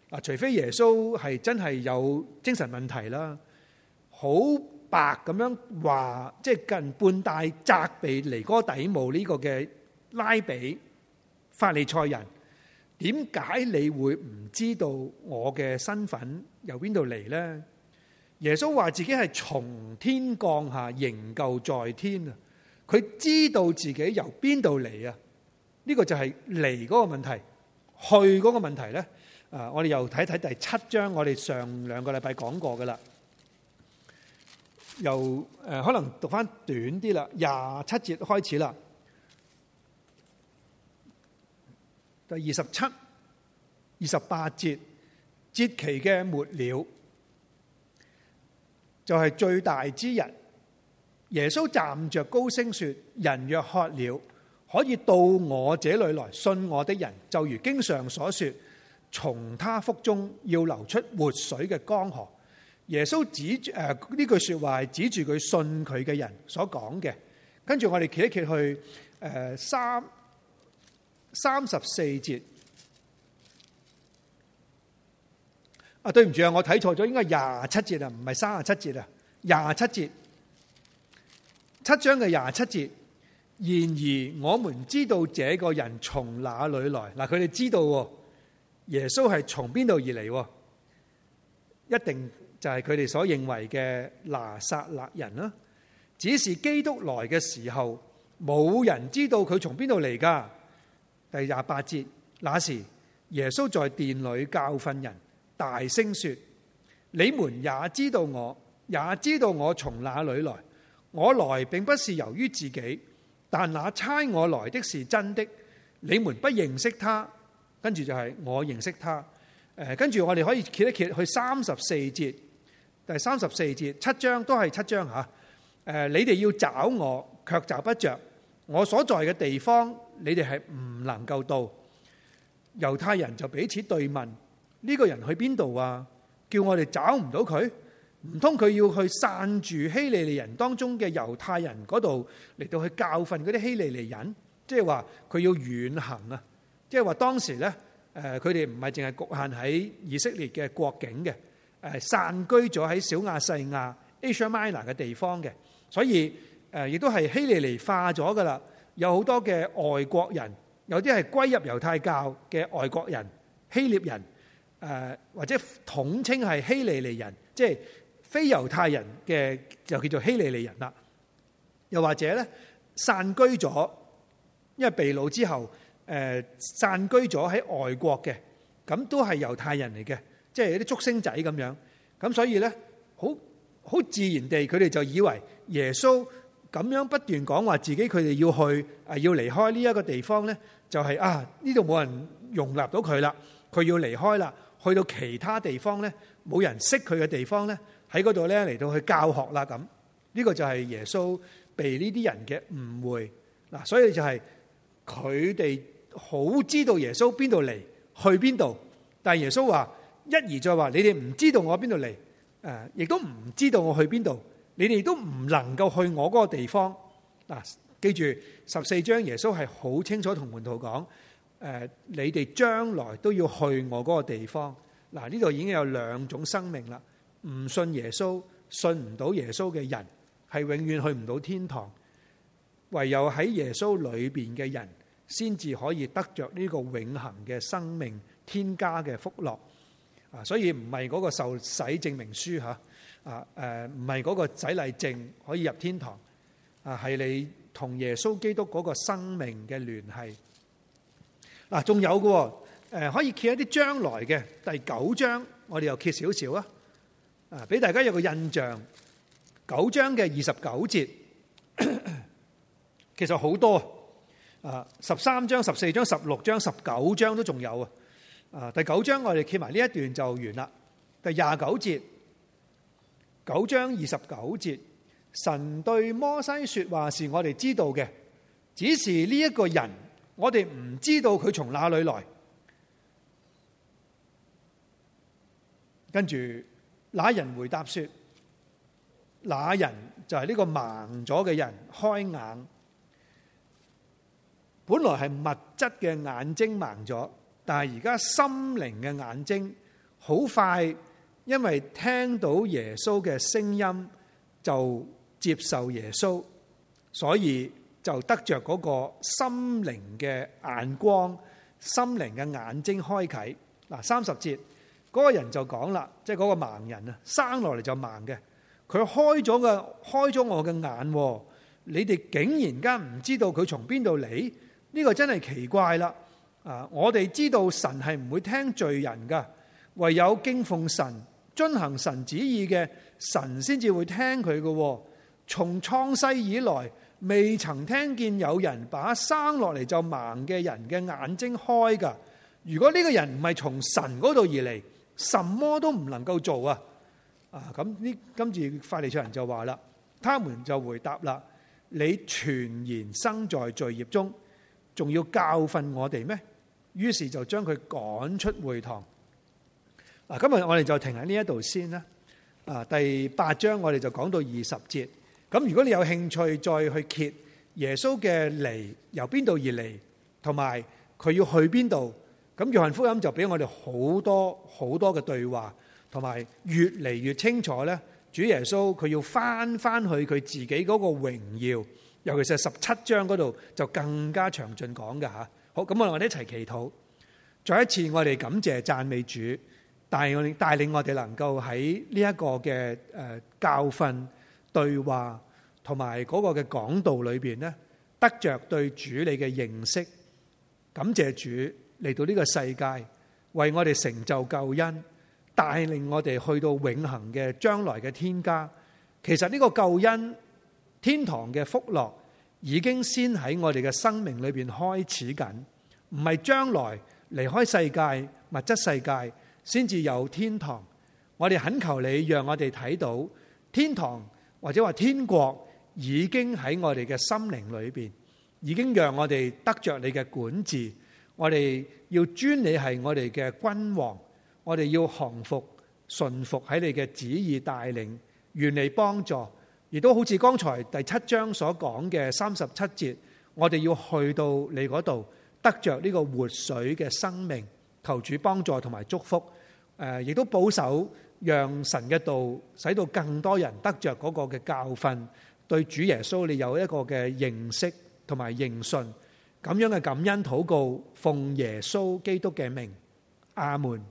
啊，除非耶穌係真係有精神問題啦，好白咁樣話，即係近半帶責備尼哥底母呢個嘅拉比法利賽人。點解你會唔知道我嘅身份由邊度嚟咧？耶穌話自己係從天降下，營救在天啊！佢知道自己由邊度嚟啊？呢、呢個就係嚟嗰個問題，去嗰個問題咧。啊！我哋又睇睇第七章，我哋上兩個禮拜講過噶啦。由誒、呃，可能讀翻短啲啦，廿七節開始啦。第二十七、二十八節節期嘅末了，就係、是、最大之日。耶穌站着高聲説：人若喝了，可以到我這裏來，信我的人，就如經上所説，從他腹中要流出活水嘅江河。耶穌指誒呢、呃、句説話係指住佢信佢嘅人所講嘅。跟住我哋企一企去誒、呃、三。三十四節啊，對唔住啊，我睇錯咗，應該廿七節啊，唔係三十七節啊，廿七節，七章嘅廿七節。然而，我們知道這個人從哪裏來？嗱，佢哋知道耶穌係從邊度而嚟，一定就係佢哋所認為嘅拿撒勒人啦。只是基督來嘅時候，冇人知道佢從邊度嚟噶。第廿八節，那時耶穌在殿裏教訓人，大聲說：你們也知道我，也知道我從哪裏來。我來並不是由於自己，但那差我來的是真的。你們不認識他。跟住就係我認識他。誒，跟住我哋可以揭一揭去三十四節。第三十四節七章都係七章吓。誒，你哋要找我，卻找不着。我所在嘅地方，你哋係唔能夠到，猶太人就彼此對問：呢個人去邊度啊？叫我哋找唔到佢，唔通佢要去散住希利尼人當中嘅猶太人嗰度嚟到去教訓嗰啲希利尼人？即係話佢要遠行啊！即係話當時咧，誒、呃，佢哋唔係淨係局限喺以色列嘅國境嘅，誒、呃，散居咗喺小亞細亞 （Asia Minor） 嘅地方嘅，所以誒，亦都係希利尼化咗噶啦。有好多嘅外國人，有啲係歸入猶太教嘅外國人、希臘人，誒或者統稱係希利利人，即係非猶太人嘅，就叫做希利利人啦。又或者咧，散居咗，因為被擄之後，誒、呃、散居咗喺外國嘅，咁都係猶太人嚟嘅，即係啲竹升仔咁樣。咁所以咧，好好自然地，佢哋就以為耶穌。咁樣不斷講話自己佢哋要去誒，要離開呢一個地方呢，就係啊呢度冇人容納到佢啦，佢要離開啦，去到其他地方呢，冇人識佢嘅地方呢，喺嗰度呢，嚟到去教學啦咁，呢個就係耶穌被呢啲人嘅誤會嗱，所以就係佢哋好知道耶穌邊度嚟去邊度，但係耶穌話一而再話你哋唔知道我邊度嚟誒，亦都唔知道我去邊度。你哋都唔能夠去我嗰個地方嗱，記住十四章耶穌係好清楚同門徒講，誒你哋將來都要去我嗰個地方嗱，呢度已經有兩種生命啦，唔信耶穌、信唔到耶穌嘅人係永遠去唔到天堂，唯有喺耶穌裏邊嘅人先至可以得着呢個永恆嘅生命、天家嘅福樂啊，所以唔係嗰個受洗證明書嚇。啊，誒，唔係嗰個洗禮證可以入天堂，啊，係你同耶穌基督嗰個生命嘅聯繫。嗱，仲有嘅，誒，可以揭一啲將來嘅第九章，我哋又揭少少啊，啊，俾大家有個印象。九章嘅二十九節，其實好多，啊，十三章、十四章、十六章、十九章都仲有啊，啊，第九章我哋揭埋呢一段就完啦，第廿九節。九章二十九節，神對摩西說話是我哋知道嘅，只是呢一個人，我哋唔知道佢從哪裏來。跟住那人回答說：那人就係呢個盲咗嘅人，開眼，本來係物質嘅眼睛盲咗，但係而家心靈嘅眼睛好快。因為聽到耶穌嘅聲音就接受耶穌，所以就得着嗰個心靈嘅眼光、心靈嘅眼睛開啟。嗱，三十節嗰、那個人就講啦，即係嗰個盲人啊，生落嚟就盲嘅，佢開咗嘅開咗我嘅眼，你哋竟然間唔知道佢從邊度嚟？呢、這個真係奇怪啦！啊，我哋知道神係唔會聽罪人噶，唯有敬奉神。遵行神旨意嘅神先至會聽佢嘅，從創世以來未曾聽見有人把生落嚟就盲嘅人嘅眼睛開噶。如果呢個人唔係從神嗰度而嚟，什麼都唔能夠做啊！啊，咁呢今次法利賽人就話啦，他們就回答啦：你全然生在罪孽中，仲要教訓我哋咩？於是就將佢趕出會堂。啊，今日我哋就停喺呢一度先啦。啊，第八章我哋就講到二十節。咁如果你有興趣再去揭耶穌嘅嚟由邊度而嚟，同埋佢要去邊度，咁約翰福音就俾我哋好多好多嘅對話，同埋越嚟越清楚咧。主耶穌佢要返返去佢自己嗰個榮耀，尤其是十七章嗰度就更加詳盡講嘅吓。好，咁我哋一齊祈禱，再一次我哋感謝讚美主。但係我帶領我哋能夠喺呢一個嘅誒教訓對話同埋嗰個嘅講道裏邊咧，得着對主你嘅認識，感謝主嚟到呢個世界，為我哋成就救恩，帶領我哋去到永恆嘅將來嘅天家。其實呢個救恩天堂嘅福樂已經先喺我哋嘅生命裏邊開始緊，唔係將來離開世界物質世界，先至有天堂，我哋懇求你，讓我哋睇到天堂或者話天國已經喺我哋嘅心靈裏邊，已經讓我哋得着你嘅管治。我哋要尊你係我哋嘅君王，我哋要降服、順服喺你嘅旨意帶領、願你幫助，亦都好似剛才第七章所講嘅三十七節，我哋要去到你嗰度，得着呢個活水嘅生命，求主幫助同埋祝福。誒，亦都保守，讓神嘅道使到更多人得著嗰個嘅教訓，對主耶穌你有一個嘅認識同埋認信，咁樣嘅感恩禱告，奉耶穌基督嘅名，阿門。